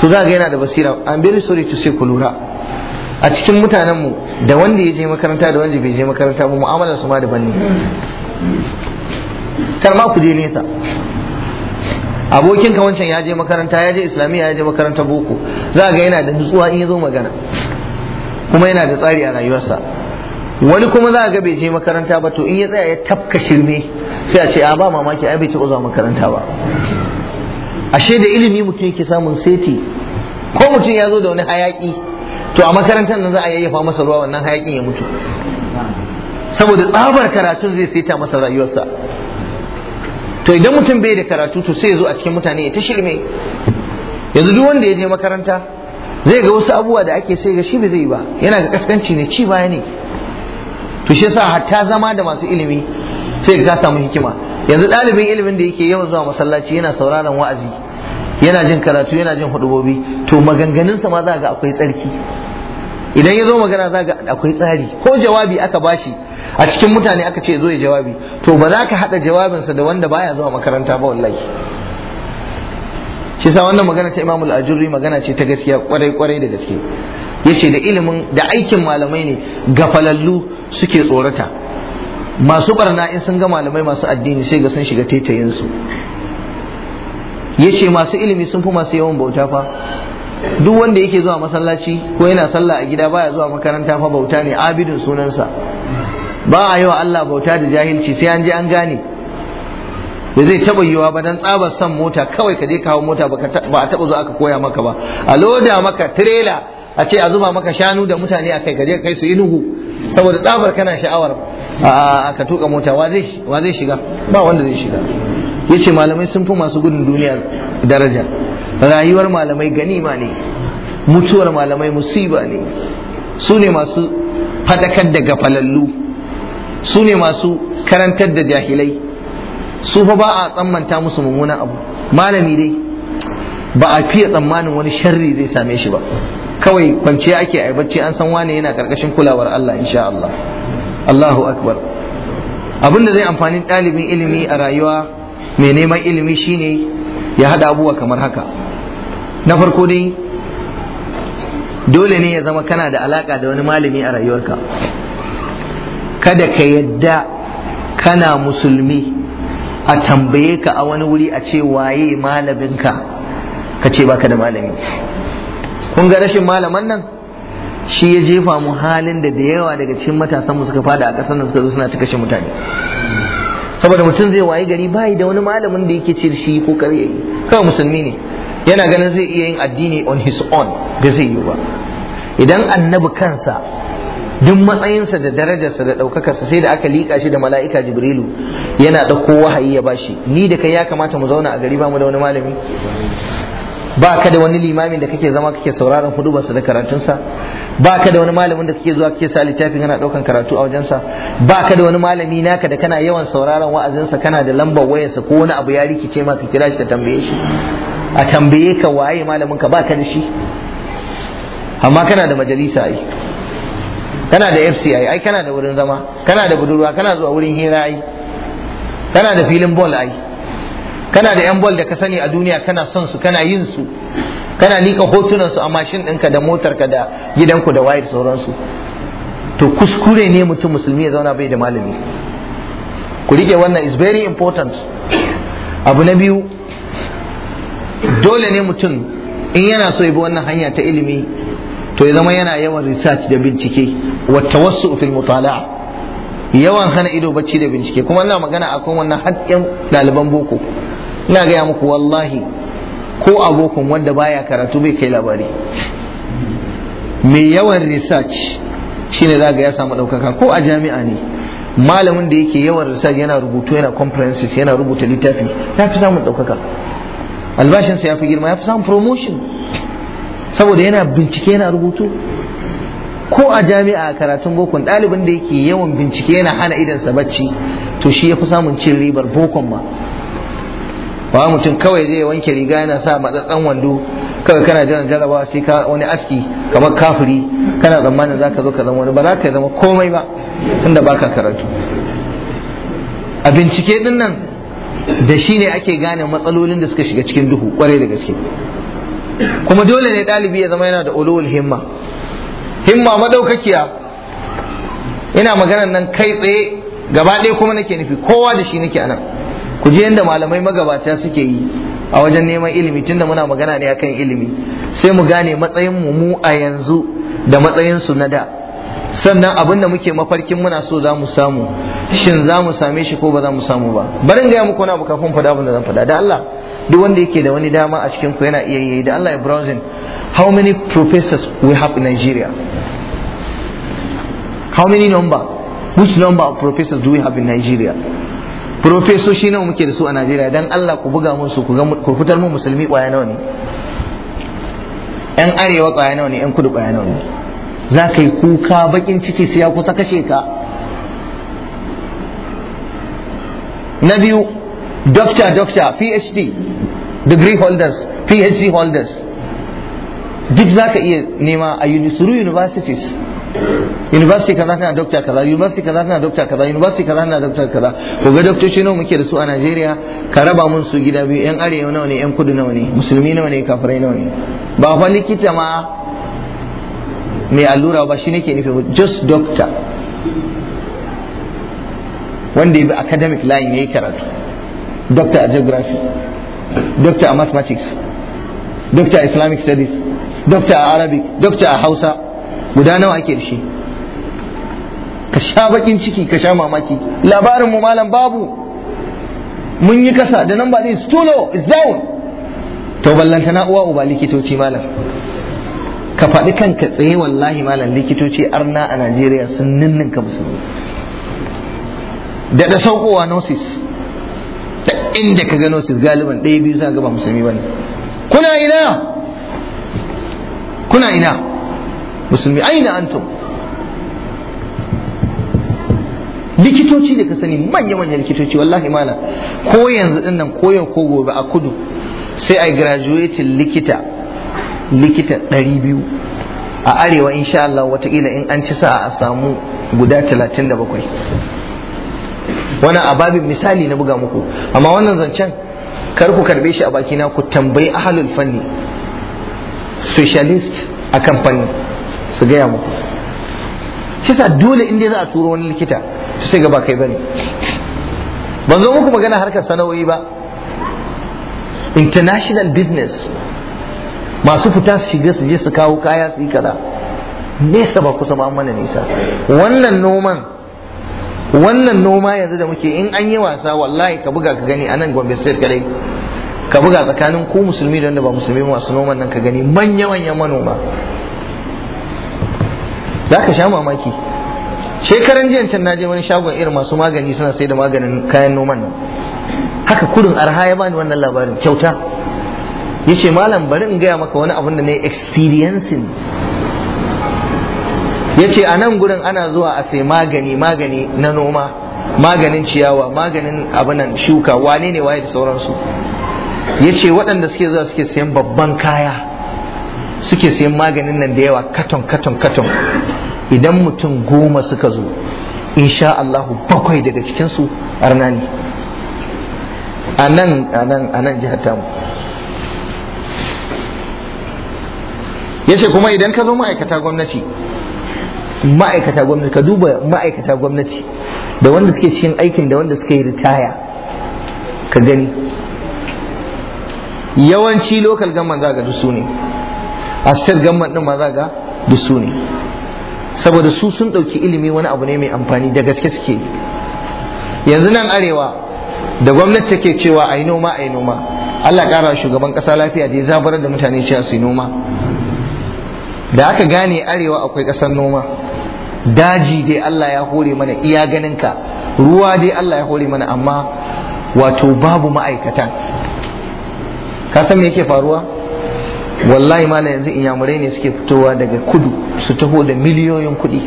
to za ga yana da basira an very sorry to sai ku lura a cikin mutanen mu da wanda ya je makaranta da wanda bai je makaranta ba mu'amalar su ma daban ne kar ma ku je nesa abokin ka wancan ya je makaranta ya je islamiyya ya je makaranta boko za ga yana da nutsuwa in ya zo magana kuma yana da tsari a rayuwarsa wani kuma za ga bai je makaranta ba to in ya tsaya ya tafka shirme sai a ce a ba mamaki ai bai taɓa zuwa makaranta ba ashe da ilimi mutum yake samun seti ko mutum ya zo da wani hayaki to a makarantar nan za a yayyafa masa ruwa wannan hayakin ya mutu saboda tsabar karatun zai saita masa rayuwarsa to idan mutum bai da karatu to sai ya zo a cikin mutane ya ta shirme yanzu duk wanda ya je makaranta zai ga wasu abubuwa da ake sai ga shi ba zai ba yana ga kaskanci ne ci baya ne to shi yasa hatta zama da masu ilimi sai ka samu hikima yanzu ɗalibin ilimin da yake yawan zuwa masallaci yana sauraron wa'azi yana jin karatu yana jin hudubobi to maganganunsa ma za ga akwai tsarki idan ya zo magana za ga akwai tsari ko jawabi aka bashi a cikin mutane aka ce zo ya jawabi to ba za ka haɗa jawabinsa da wanda baya zuwa makaranta ba wallahi shi sa wannan magana ta imamul ajurri magana ce ta gaskiya kwarai kwarai da gaske yace da ilimin da aikin malamai ne gafalallu suke tsorata masu barna in sun ga malamai masu addini sai ga sun shiga taitayinsu ya ce masu ilimi sun fi masu yawan bauta fa duk wanda yake zuwa masallaci ko yana sallah a gida baya zuwa makaranta fa bauta ne abidin sunansa ba a yi wa Allah bauta da jahilci sai an je an gane ba zai taɓa yiwa ba dan tsabar son mota kawai ka je kawo mota ba a taba zuwa aka koya maka ba a loda maka tirela a ce a zuba maka shanu da mutane a kai ka je kai su inugu saboda tsabar kana sha'awar ka tuka mota wa zai shiga ba wanda zai shiga Ya ce malamai sun fi masu gudun duniya daraja rayuwar malamai ganima ne mutuwar malamai musiba ne su ne masu fadakar da gafalallu su ne masu karantar da jahilai su fa ba a tsammanta musu mummunan abu malami dai ba a fiye tsammanin wani sharri zai same shi ba kawai kwanciya ake a bacci an san wane yana karkashin kulawar Allah insha Allah Allahu akbar abin da zai amfani ɗalibin ilimi a rayuwa mai neman ilimi shine ya haɗa abubuwa kamar haka na farko dai dole ne ya zama kana da alaka da wani malami a rayuwarka kada ka yadda kana musulmi a tambaye ka a wani wuri a ce waye malaminka ka ce baka da malami kun ga rashin malaman nan shi ya jefa mu halin da da yawa daga cikin matasan mu suka fada a ƙasar nan suka zo suna ta kashe mutane saboda mutum zai wayi gari bai da wani malamin da yake cire shi ko kare yayi kawai musulmi ne yana ganin zai iya yin addini on his own da zai yi ba idan annabi kansa duk matsayinsa da darajarsa da ɗaukakarsa sai da aka liƙa shi da mala'ika jibrilu yana ɗauko wahayi ya bashi ni da kai ya kamata mu zauna a gari ba mu da wani malami ba ka da wani limamin da kake zama kake sauraron hudubarsa da karatunsa ba ka da wani malamin da kake zuwa kake sa littafin kana daukan karatu a wajensa ba ka da wani malami naka da kana yawan sauraron wa'azinsa kana da lambar wayarsa ko wani abu ya rikice maka kira shi ka tambaye shi a tambaye ka waye malamin ka ba ka da shi amma kana da majalisa ai kana da FCI ai kana da wurin zama kana da budurwa kana zuwa wurin hira ai kana da filin ball ai kana da yan bol da ka sani a duniya kana son su kana yin su kana lika hotunan su a mashin ɗinka da motarka da gidanku da wayar sauransu to kuskure ne mutum musulmi ya zauna bai da malami ku rike wannan is very important abu na biyu dole ne mutum in yana so ya bi wannan hanya ta ilimi to ya zama yana yawan research da bincike wata wasu fil mutala'a yawan hana ido bacci da bincike kuma ina magana akan wannan har ɗaliban boko ina gaya muku wallahi ko abokan wanda baya karatu bai kai labari mai yawan research shine za ga ya samu ɗaukaka ko a jami'a ne malamin da yake yawan research yana rubutu yana conferences yana rubuta littafi ya fi samun ɗaukaka albashinsa ya fi girma ya fi samun promotion saboda yana bincike yana rubutu ko a jami'a a karatun bokon ɗalibin da yake yawan bincike yana hana idansa bacci to shi ya fi samun cin ribar bokon ma ba mutum kawai zai wanke riga yana sa matsatsan wando kawai kana jiran jarabawa sai ka wani aski kamar kafiri kana tsammanin za ka zo ka zama wani ba za ka zama komai ba tunda baka karatu a bincike din nan da shi ne ake gane matsalolin da suka shiga cikin duhu kwarai da gaske kuma dole ne ɗalibi ya zama yana da ulul himma himma madaukakiya ina maganar nan kai tsaye gaba ɗaya kuma nake nufi kowa da shi nake anan ku je yadda malamai magabata suke yi a wajen neman ilimi tunda muna magana ne akan ilimi sai mu gane matsayin mu mu a yanzu da matsayin su na da sannan abin da muke mafarkin muna so za mu samu shin za mu same shi ko ba za mu samu ba barin gaya muku wani abu kafin faɗa abin da zan faɗa da Allah duk wanda yake da wani dama a cikin ku yana iya yi da Allah ya browsing how many professors we have in Nigeria how many number which number of professors do we have in Nigeria profesoshi nawa muke da su a Najeriya dan Allah ku buga mun su ku fitar mun musulmi kwaya nawa ne yan arewa kwaya nawa ne yan kudu kwaya nawa ne za ka yi kuka bakin ciki sai ya kusa kashe ka na biyu doctor doctor PhD degree holders PhD holders duk za ka iya nema a suru universities university kaza tana doctor kaza university kaza tana doctor kaza university kaza tana doctor kaza ko ga doctoci nawa muke da su a Najeriya ka raba mun su gida biyu yan arewa nawa ne yan kudu nawa ne musulmi nawa ne kafirai nawa ne ba fa likita ma mai allura ba shi ke nufi just doctor wanda ya bi academic line ya yi karatu doctor a geography doctor a mathematics doctor a islamic studies doctor a arabic doctor a hausa guda nawa ake da shi ka sha bakin ciki ka sha mamaki labarin mu malam babu mun yi kasa da nan ba zai stolo is down to ballanta na uwa uba likitoci malam ka faɗi kanka tsaye wallahi malam likitoci arna a najeriya sun ninninka musulmi da saukowa nosis da inda ka ga nosis galiban ɗaya biyu za ga ba musulmi ba kuna ina kuna ina musulmi aina antum likitoci da ka sani manya-manyan likitoci wallahi mala ko yanzu din nan ko ko gobe a kudu sai a graduating likita likita 200 a arewa insha Allah watakila in an ci sa a samu guda 37 wani ababin misali na buga muku amma wannan zancen kar ku karbe shi a bakina ku tambayi ahalul fanni specialist a kamfani su gaya muku kisa dole inda za a turo wani likita su sai gaba ba kai bane ban zo muku magana harkar sana'o'i ba international business masu fita su shiga su je su kawo kaya su yi kaza nesa ba kusa ba mana nisa wannan noman wannan noma yanzu da muke in an yi wasa wallahi ka buga ka gani a nan gombe state kadai ka buga tsakanin ku musulmi da wanda ba musulmi masu noman nan ka gani manya manyan manoma za ka sha mamaki shekaran jiyan can naje wani shagon irin masu magani suna sai da maganin kayan noman nan haka kudin arha ya bani wannan labarin kyauta ya ce malam bari in gaya maka wani abin da na yi experiencing ya ce a nan gurin ana zuwa a sai magani magani na noma maganin ciyawa maganin abinan shuka wane ne waye da sauransu ya ce waɗanda suke zuwa suke sayan babban kaya suke sayan maganin nan da yawa katon katon katon idan mutum goma suka zo insha Allahu bakwai daga cikinsu arna ne a nan jihar tamu ya ce kuma idan ka zo ma'aikata gwamnati ma'aikata gwamnati ka duba ma'aikata gwamnati da wanda suke cikin aikin da wanda suka yi ritaya ka gani yawanci lokal gamman za ga dusu ne a state gamman din ma za ga dusu ne saboda su sun ɗauki ilimi wani abu ne mai amfani da gaske suke yanzu nan arewa da gwamnati take cewa a yi noma a yi noma Allah kara shugaban ƙasa lafiya da ya zabar da mutane cewa su yi noma da aka gane arewa akwai ƙasar noma daji dai Allah ya hore mana iya ganin ka. ruwa dai Allah ya hore mana amma wato babu ma'aikata ka san me yake faruwa wallahi mala yanzu inyamurai ne suke fitowa daga kudu su taho da miliyoyin kuɗi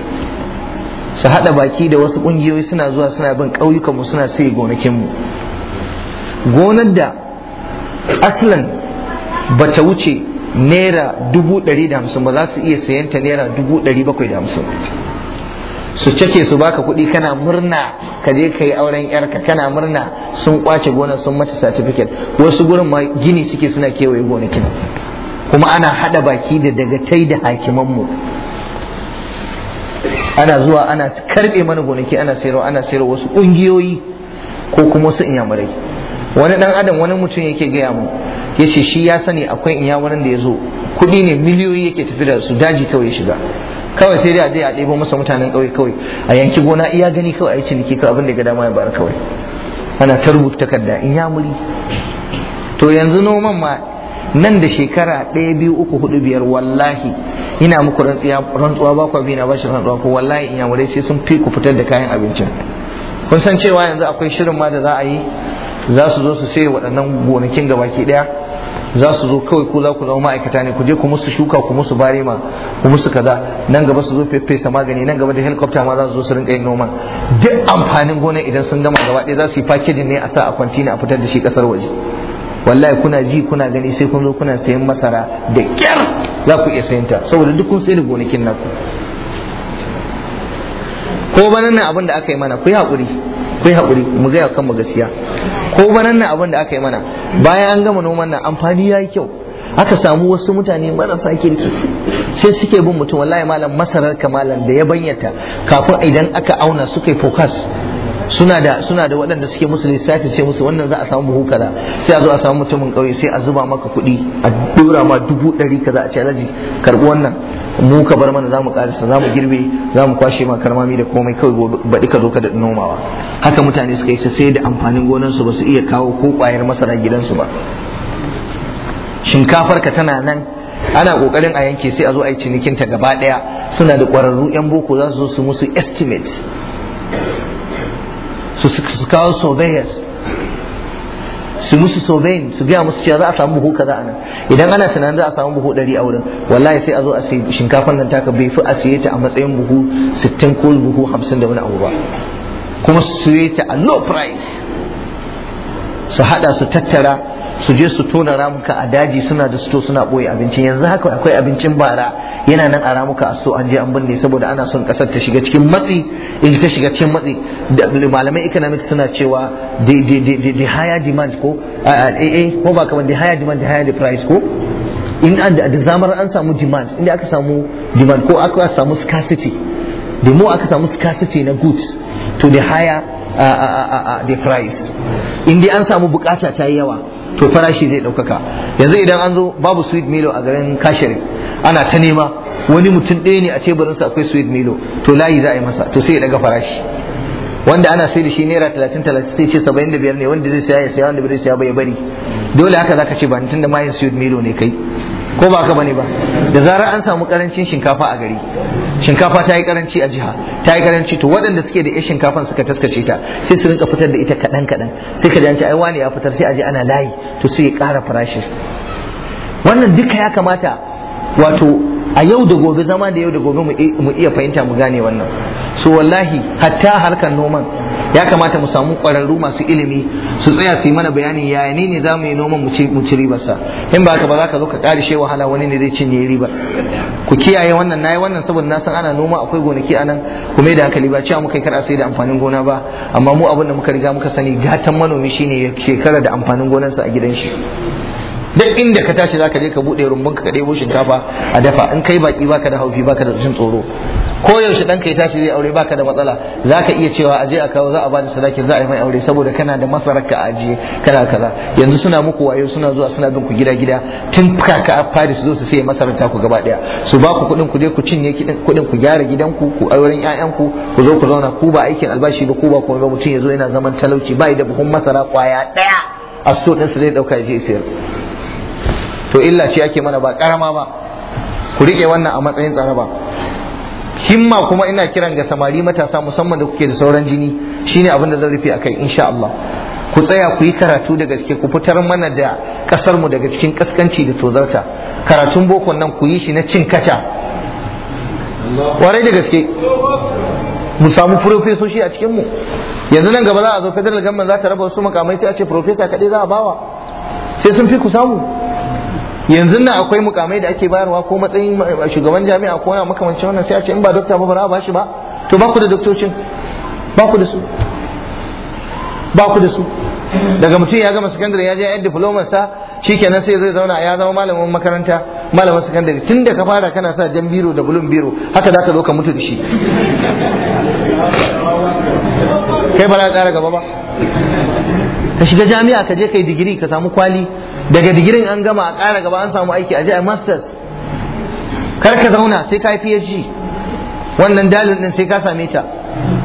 su haɗa baki da wasu ƙungiyoyi suna zuwa suna bin ƙauyukanmu suna sai gonakinmu gonar da aslan ba ta wuce naira dubu ɗari da hamsin ba za su iya sayanta naira dubu ɗari bakwai da hamsin su cake su baka kuɗi kana murna ka je ka yi auren yarka kana murna sun kwace gonar sun mata certificate wasu gurin ma gini suke suna kewaye gonakin kuma ana hada baki da dagatai da hakimanmu ana zuwa ana karbe mana gonaki ana sayarwa ana sayarwa wasu kungiyoyi ko kuma wasu inyamurai wani dan adam wani mutum yake gaya mu yace shi ya sani akwai inyamuran da ya zo kuɗi ne miliyoyi yake tafi da su daji kawai ya shiga kawai sai dai a je a ɗebo masa mutanen ƙauye kawai a yanki gona iya gani kawai a yi ciniki kawai abin da ga dama ya bar kawai ana ta rubuta takarda inyamuri. to yanzu noman ma nan da shekara ɗaya biyu uku hudu biyar wallahi ina muku rantsuwa ba ku abin na bashi rantsuwa ko wallahi in yamurai sai sun fi ku fitar da kayan abincin kun san cewa yanzu akwai shirin ma da za a yi za su zo su sai waɗannan gonakin gabaki ɗaya za su zo kawai ku za ku zama ma'aikata ne ku je ku musu shuka ku musu barema ku musu kaza nan gaba su zo fesa magani nan gaba da helicopter ma za su zo su rinka yin noma duk amfanin gona idan sun gama gaba ɗaya za su yi packaging ne a sa a kwantina a fitar da shi ƙasar waje wallahi kuna ji kuna gani sai kun zo kuna sayan masara da kyar za ku iya sayanta saboda duk kun sai da gonakin naku ko banan nan abin da aka yi mana ku yi haƙuri ku yi haƙuri mu gaya kan mu gaskiya ko banan nan abin da aka yi mana bayan an gama noman nan amfani ya yi kyau aka samu wasu mutane marasa kirki sai suke bin mutum wallahi malam masarar kamalan da ya banyata kafin idan aka auna suka yi focus suna da suna da waɗanda suke musu lissafi sai musu wannan za a samu buhu kaza sai a zo a samu mutumin ƙauye sai a zuba maka kuɗi a dora ma dubu ɗari kaza a ce alhaji karɓi wannan mu ka bar mana zamu ƙarisa zamu girbe zamu kwashe ma karmami da komai kawai baɗi ka zo ka da nomawa haka mutane suka yi sai da amfanin gonansu ba su iya kawo ko ƙwayar masara gidansu ba shinkafar ka tana nan ana kokarin a yanke sai a zo a yi cinikinta gaba ɗaya suna da kwararru yan boko za su zo su musu estimate su su surveyors su musu surveying su gaya musu cewa za a samu buhu kaza a nan idan ana tunanin za a samu buhu ɗari a wurin wallahi sai a zo a sayi shinkafan nan taka bai fi a siye ta a matsayin buhu sittin ko buhu hamsin da wani abu ba kuma su siye ta a low price su hada su tattara su je su tona ramuka a daji suna da suto suna boye abincin yanzu haka akwai abincin bara yana nan a ramuka a so an je an binne saboda ana son kasar ta shiga cikin matsi in ta shiga cikin matsi malamai economics suna cewa the higher demand ko a eh, eh, ko ba kamar the higher demand the higher the price ko in da zamar an samu demand da aka samu demand ko aka samu scarcity da mu aka samu scarcity na goods to the higher the price in dai an samu bukata ta yi yawa to farashi zai ɗaukaka yanzu idan an zo babu sweet milo a garin kashirin ana ta nema wani mutum ɗaya ne a teburinsa akwai sweet milo to layi za a yi masa to sai ya ɗaga farashi wanda ana sai da shi naira talatin talatin sai ce saba'in da biyar ne wanda zai saya ya saya wanda bai siya ba ya bari dole haka zaka ce ba ni tunda mayin sweet milo ne kai ko ba haka bane ba da zarar an samu karancin shinkafa a gari shinkafa ta yi karanci a jiha ta yi karanci to waɗanda suke da shinkafa shinkafan suka taskace ta sai su rinka fitar da ita kaɗan kaɗan sai ka jance ai wani ya fitar sai a ji ana layi to sai ya ƙara farashi wannan duka ya kamata wato a yau da gobe zama da yau da gobe mu iya fahimta mu gane wannan so wallahi hatta harkar noman ya kamata mu samu kwararru masu ilimi su tsaya su yi mana bayanin yaya ne za mu yi noman mu ci ribarsa in ba ka ba za ka zo ka shi wahala wani ne zai cinye riba ku kiyaye wannan nayi wannan saboda na san ana noma akwai gonaki anan ku mai da hankali ba cewa muka kar a sai da amfanin gona ba amma mu abin da muka riga muka sani gatan manomi shine shekara da amfanin gonarsa a gidan shi duk inda ka tashi zaka je ka buɗe rumbun ka ɗebo shinkafa a dafa in kai baki baka da haufi baka da jin tsoro ko yaushe ɗanka ya tashi zai aure baka da matsala zaka iya cewa aje a kawo za a bada sadakin za a yi mai aure saboda kana da masarar ka aje kana kaza yanzu suna muku wayo suna zuwa suna bin ku gida gida tun kaka a fari su zo su sai masarar ta ku gaba daya su ba ku kuɗin ku dai ku cinye kuɗin ku gyara gidan ku auren ya'yan ku zo ku zauna ku ba aikin albashi ba ku ba kuma mutum ya zo yana zaman talauci ba da buhun masara kwaya daya a so ɗinsa zai ɗauka ya je sayar to illa shi ake mana ba karama ba ku rike wannan a matsayin tsaraba himma kuma ina kiran ga samari matasa musamman da kuke da sauran jini shine abin da zan rufe akai insha Allah ku tsaya ku yi karatu da gaske ku fitar mana da kasar mu daga cikin kaskanci da tozarta karatun boko nan ku yi shi na cin kaca warai da gaske mu samu profesoshi a cikin mu yanzu nan gaba za a zo federal government za ta raba wasu makamai sai a ce profesa kaɗai za a bawa sai sun fi ku samu yanzu nan akwai mukamai da ake bayarwa ko matsayin eh, shugaban jami'a ko na makamancin wannan sai a ce in ba dokta ba ba ba shi ba to ba ku da doktocin ba ku da su ba ku da su daga mutum ya gama sakandare ya je ya diploma sa shikenan sai zai zauna ya zama malamin makaranta malamin sakandare tun da ka fara kana sa jan biro da bulun biro haka za ka zo ka mutu da shi kai ba za ka gaba ba ka shiga jami'a ka je kai digiri ka samu kwali daga digirin an gama a kara gaba an samu aiki a je a masters kar ka zauna sai ka yi phd wannan dalil din sai ka same ta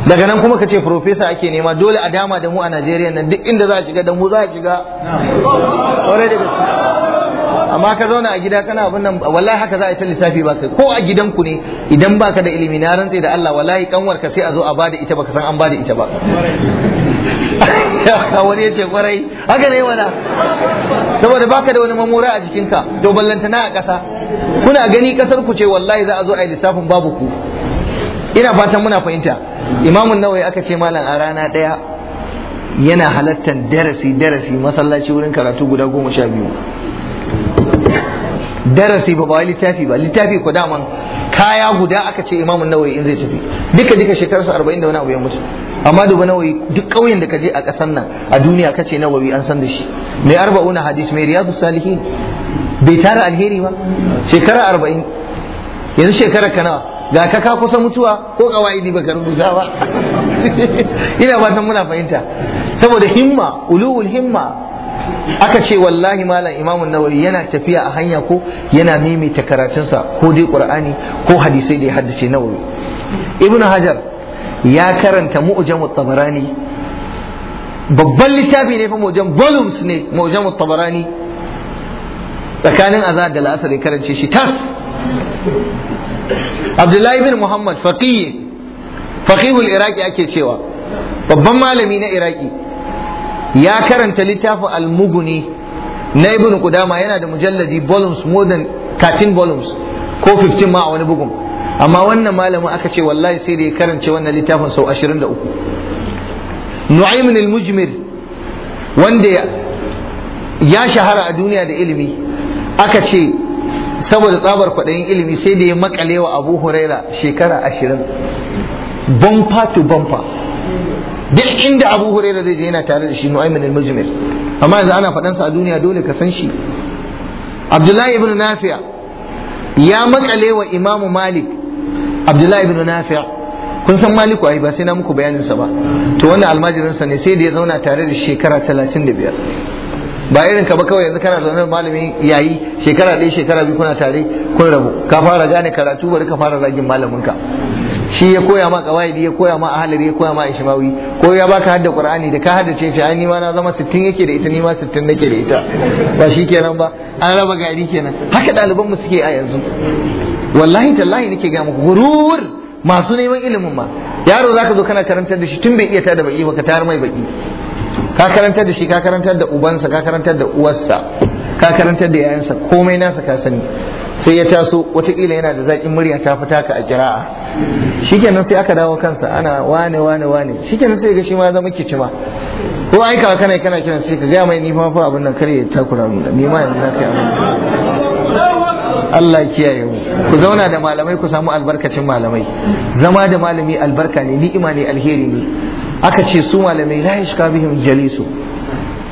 daga nan kuma ka ce profesa ake nema dole a dama da mu a najeriya nan duk inda za a shiga da mu za a shiga amma ka zauna a gida kana abin nan wallahi haka za a yi ta lissafi ba kai ko a ku ne idan baka da ilimi na rantse da Allah wallahi kanwar ka sai a zo a bada ita baka san an bada ita ba wani ya ce kwarai haka ne wana?" saboda baka da wani mamura a jikinka to ballantana a ƙasa kuna gani ƙasar ku ce wallahi za a zo a yi lissafin babu ku ina fatan muna fahimta imamun Nawa aka ce malam a rana ɗaya yana halartar darasi darasi masallaci wurin karatu guda goma sha biyu darasi ba ba littafi ba littafi ko daman kaya guda aka ce imamu nawawi in zai tafi duka duka shekararsa arba'in da wani abu ya mutu amma duba nawawi duk ƙauyen da ka je a ƙasar nan a duniya ka ce nawawi an san da shi mai arba'una hadis mai riyadu salihin bai tara alheri ba shekara arba'in yanzu shekara ka nawa ga ka ka kusa mutuwa ko kawaidi baka rubuta ba ina fatan muna fahimta saboda himma ulul himma aka ce wallahi malam imamun nawawi yana tafiya a hanya ko yana mimita karatunsa ko dai qur'ani ko hadisai da ya haddace nawawi ibn hajar ya karanta mu'jam tabarani babban littafi ne fa mu'jam volumes ne mu'jam tabarani tsakanin azhar da la'asar ya karance shi tas abdullahi bin muhammad faqih faqihul iraqi ake cewa babban malami na iraqi ya karanta littafin almuguni na ibn kudama yana da mujalladi volumes more than 13 volumes ko 15 ma a wani bugun amma wannan malamin aka ce wallahi sai da ya karance wannan littafin sau 23 nu'aymin al-mujmir wanda ya shahara a duniya da ilimi aka ce saboda tsabar kwaɗayin ilimi sai da ya makalewa abu huraira shekara ashirin bumper to bumper duk inda abu huraira zai je yana tare da shi nu'aymin al-mujmir amma yanzu ana faɗansa a duniya dole ka san shi abdullahi ibn nafi'a ya makale wa imam malik abdullahi ibn nafi'a kun san maliku ai ba sai na muku bayanin sa ba to wannan sa ne sai da ya zauna tare da shekara 35 ba irin ka ba kawai yanzu kana zaune malami yayi shekara ɗaya shekara biyu kuna tare kun rabu ka fara gane karatu bari ka fara zagin malamin ka shi ya koya ma kawaidi ya koya ma ahalari ya koya ma ishmawi ko ya baka hadda qur'ani da ka haddace ce ai ni ma na zama 60 yake da ita ni ma 60 nake da ita ba shi kenan ba an raba gari kenan haka ɗaliban mu suke a yanzu wallahi tallahi nake ga muku gurur masu neman ilimin ma yaro zaka zo kana karantar da shi tun bai iya ta da baki ba ka tar mai baki ka karantar da shi ka karantar da ubansa ka karantar da uwarsa ka karantar da yayansa komai nasa ka sani sai ya taso watakila yana da zaƙin murya ta fita ka a kira'a shikenan sai aka dawo kansa ana wane wane wane shikenan sai ga shi ma zama kicima ko ai ka kana kana kiran sai ka ga mai ni fa abin nan kare ta takura mu ni ma yanzu na kai Allah kiyaye mu ku zauna da malamai ku samu albarkacin malamai zama da malami albarka ne ni'ima ne alheri ne aka ce su malamai la yashka bihim jalisu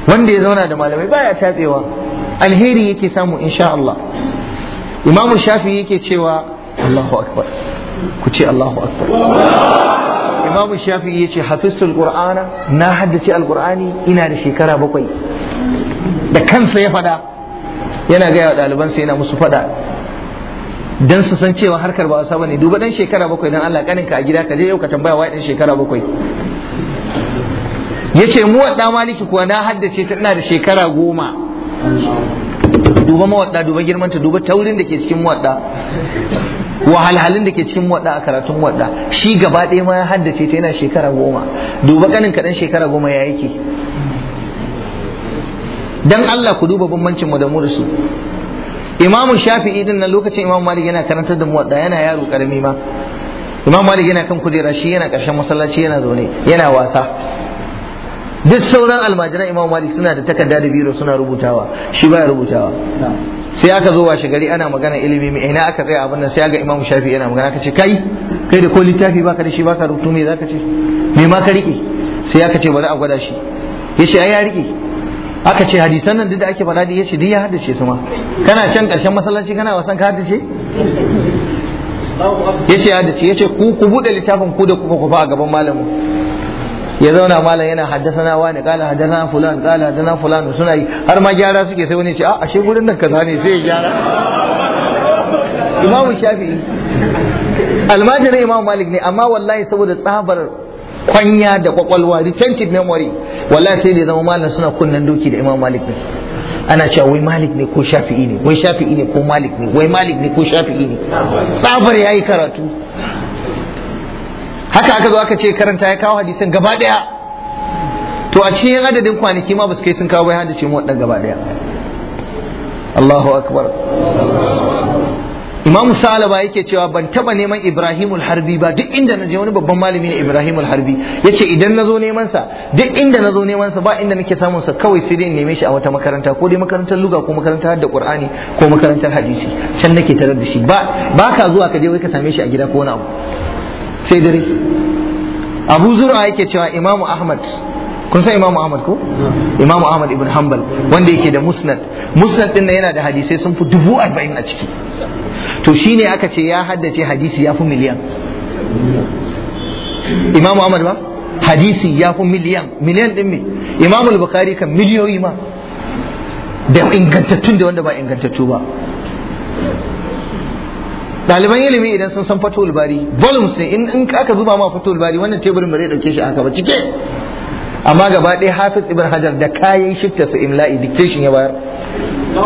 wanda ya zauna da malamai baya tatsewa alheri yake samu insha Allah imam shafi yake cewa Allahu akbar ku ce Allahu akbar imam shafi yace hafiztul qur'ana na haddace alqur'ani ina da shekara bakwai da kansa ya fada yana gaya wa ɗalibansa yana musu fada dan su san cewa harkar ba wasa bane duba dan shekara bakwai dan Allah kaninka a gida ka je yau ka tambaya wai dan shekara bakwai yace mu wa maliki kuwa na haddace ta ina da shekara goma duba mawadda duba girman ta duba taurin da ke cikin mawadda wahalhalin da ke cikin mawadda a karatun mawadda shi gaba ɗaya ma ya haddace ta yana shekara goma duba kanin kaɗan shekara goma ya yake dan Allah ku duba bambancin mu da mu da su Imam Shafi'i din nan lokacin Imam Malik yana karantar da mawadda yana yaro karami ma Imam Malik yana kan kujera shi yana karshen masallaci yana zaune yana wasa duk sauran almajiran imam malik suna da takarda da biro suna rubutawa shi baya rubutawa sai aka zo washe gari ana magana ilimi mai ina aka tsaya abin nan sai ga imam shafi yana magana aka ce kai kai da ko littafi baka da shi baka rubutu me zaka ce me ma ka rike sai aka ce bari a gwada shi yace ai ya rike aka ce hadisan nan duk da ake faɗa da yace duk ya haddace su ma kana can ƙarshen masallaci kana wasan ka haddace yace haddace yace ku ku bude littafin ku da kuka kufa a gaban malamin ya zauna malam yana haddasana wani kala haddasana fulan kala haddasana fulan suna yi har ma gyara suke sai wani ce a ashe gurin nan kaza ne sai ya gyara imamu shafi'i almajirin imam malik ne amma wallahi saboda tsabar kwanya da kwakwalwa retentive memory wallahi sai da zama malam suna kunnen doki da imam malik ne ana cewa wai malik ne ko shafi'i ne wai shafi'i ne ko malik ne wai malik ne ko shafi'i ne tsabar yayi karatu haka aka zo aka ce karanta ya kawo hadisan gaba daya to a cikin adadin kwanaki ma ba su kai sun kawo bai haddace mu waɗannan gaba daya Allahu akbar Imam Salaba yake cewa ban taba neman Ibrahimul Harbi ba duk inda naje wani babban malami ne Ibrahimul Harbi yace idan nazo neman sa duk inda nazo neman sa ba inda nake samun sa kawai sai dai neme shi a wata makaranta ko dai makarantar luga ko makarantar hadda Qur'ani ko makarantar hadisi can nake tarar da shi ba ba ka zuwa ka je wai ka same shi a gida ko wani abu sai dare abu zura yake cewa imamu ahmad kun san imamu ahmad ko imamu ahmad ibn hanbal wanda yake da musnad musnad din yana da hadisai sun fi dubu arba'in a ciki to shine aka ce ya haddace hadisi ya fi miliyan imamu ahmad ba hadisi ya fi miliyan miliyan din me imamu al-bukhari kan miliyoyi ma da ingantattun da wanda ba ingantattu ba ɗaliban ilimi idan sun san fatul bari volumes sai in in aka zuba ma fatul bari wannan teburin ba zai dauke shi aka ba cike amma gaba ɗaya hafiz ibn hajar da kayan shifta su imla'i dictation ya bayar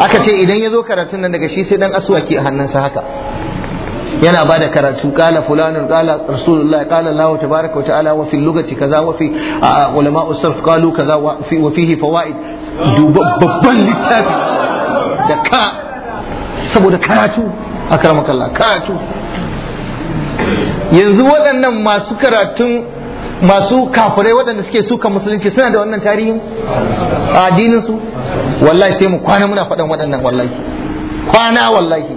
aka ce idan ya zo karatun nan daga shi sai dan aswaki a hannunsa haka yana ba da karatu kala fulanun kala rasulullahi kala Allah tabaraka wa ta'ala wa lugati kaza wa fi ulama usarf qalu kaza wa fi wa fihi fawaid babban littafi da ka saboda karatu akramaka Allah karatu yanzu waɗannan masu karatun masu kafirai waɗanda suke suka musulunci suna da wannan tarihin addinin su wallahi sai mu kwana muna faɗan waɗannan wallahi kwana wallahi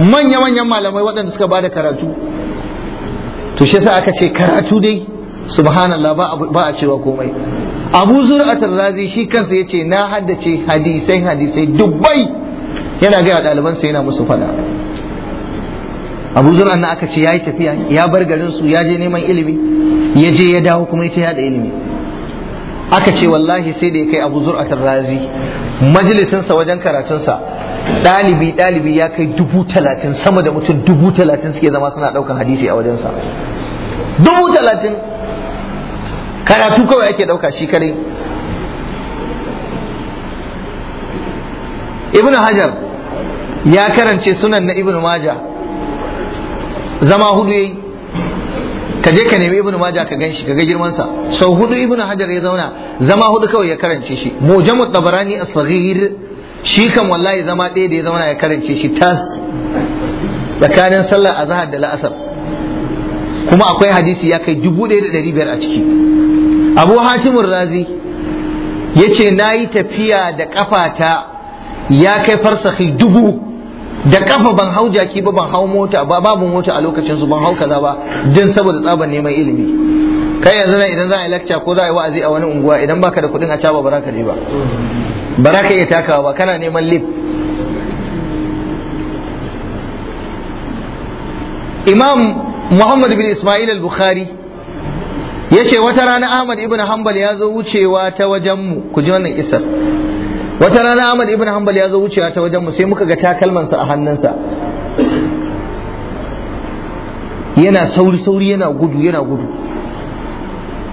manya-manyan malamai waɗanda suka bada karatu to shi yasa aka ce karatu dai subhanallah ba a cewa komai abu zur'atul razi shi kansa yace na haddace hadisai hadisai dubbai yana gaya sa yana musu faɗa. abu na aka ce ya yi tafiya ya bar garin su ya je neman ilimi ya je ya dawo kuma ya da ilimi aka ce wallahi sai da ya kai abu zur'atar razi majalisinsa wajen karatunsa ɗalibi ɗalibi ya kai dubu talatin sama da mutum dubu talatin suke zama suna ɗaukan hadisi a wajensa dubu talatin karatu kawai ake ɗauka shi kare ibn hajar ya karance sunan na ibn maja zama hudu yayi ka je ka nemi ibn maja ka ganshi ka ga girman sa sau hudu ibn hajar ya zauna zama hudu kawai ya karance shi mujamu tabarani asghir shi kan wallahi zama ɗaya da ya zauna ya karance shi tas tsakanin sallar azhar da la'asar kuma akwai hadisi ya kai dubu ɗaya da ɗari biyar a ciki abu hatimun razi ya ce na yi tafiya da ƙafata ya kai farsahi dubu da kafa ban hau jaki ba ban hau mota ba babu mota a lokacin su ban hau kaza ba din saboda tsaban neman ilimi kai yanzu nan idan za a yi lecture ko za a yi wa'azi a wani unguwa idan baka da kuɗin a caba ba za ka je ba ba za ka iya takawa ba kana neman lif imam muhammad bin ismail al-bukhari ya ce wata rana ahmad ibn hanbal ya zo wucewa ta wajenmu ku ji wannan isar wata rana Ahmad ibn Hanbal ya zo wucewa ta wajen mu sai muka ga sa a hannunsa yana sauri sauri yana gudu yana gudu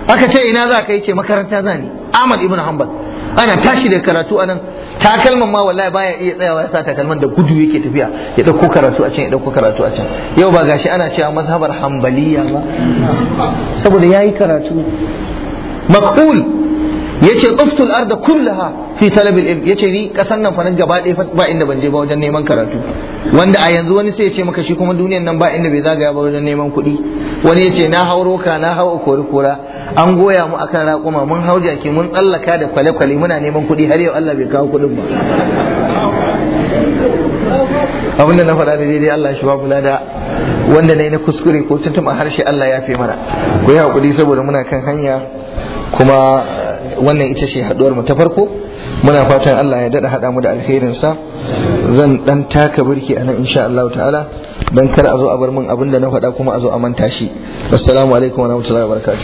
aka ce ina za ka yi ce makaranta za ni Ahmad ibn Hanbal ana tashi da karatu anan takalman ma wallahi baya iya tsayawa ya sa takalman da gudu yake tafiya ya dauko karatu a can ya dauko karatu a can yau ba gashi ana cewa mazhabar hanbaliya ba saboda yayi karatu maqul yace tsuftul arda kullaha fi talab ilm yace ni kasan nan fa nan gaba ɗaya ba inda ban je ba wajen neman karatu wanda a yanzu wani sai ya ce maka shi kuma duniyan nan ba inda bai zagaya ba wajen neman kuɗi wani yace na hauro ka na hau kori kora an goya mu akan raƙuma mun hau jaki mun tsallaka da kwale kwale muna neman kuɗi har yau Allah bai kawo kuɗin ba abinda na faɗa da daidai Allah shi ba kula da wanda na yi na kuskure ko a harshe Allah ya fi mana ku yi haƙuri saboda muna kan hanya kuma eh, wannan ita ce haɗuwar mu ta farko muna fatan Allah ya dada hada mu da alherin sa zan dan taka birki nan insha Allah ta'ala dan kar a zo a bar min abin da na faɗa kuma a zo a manta shi assalamu alaikum wa rahmatullahi wa barakatuh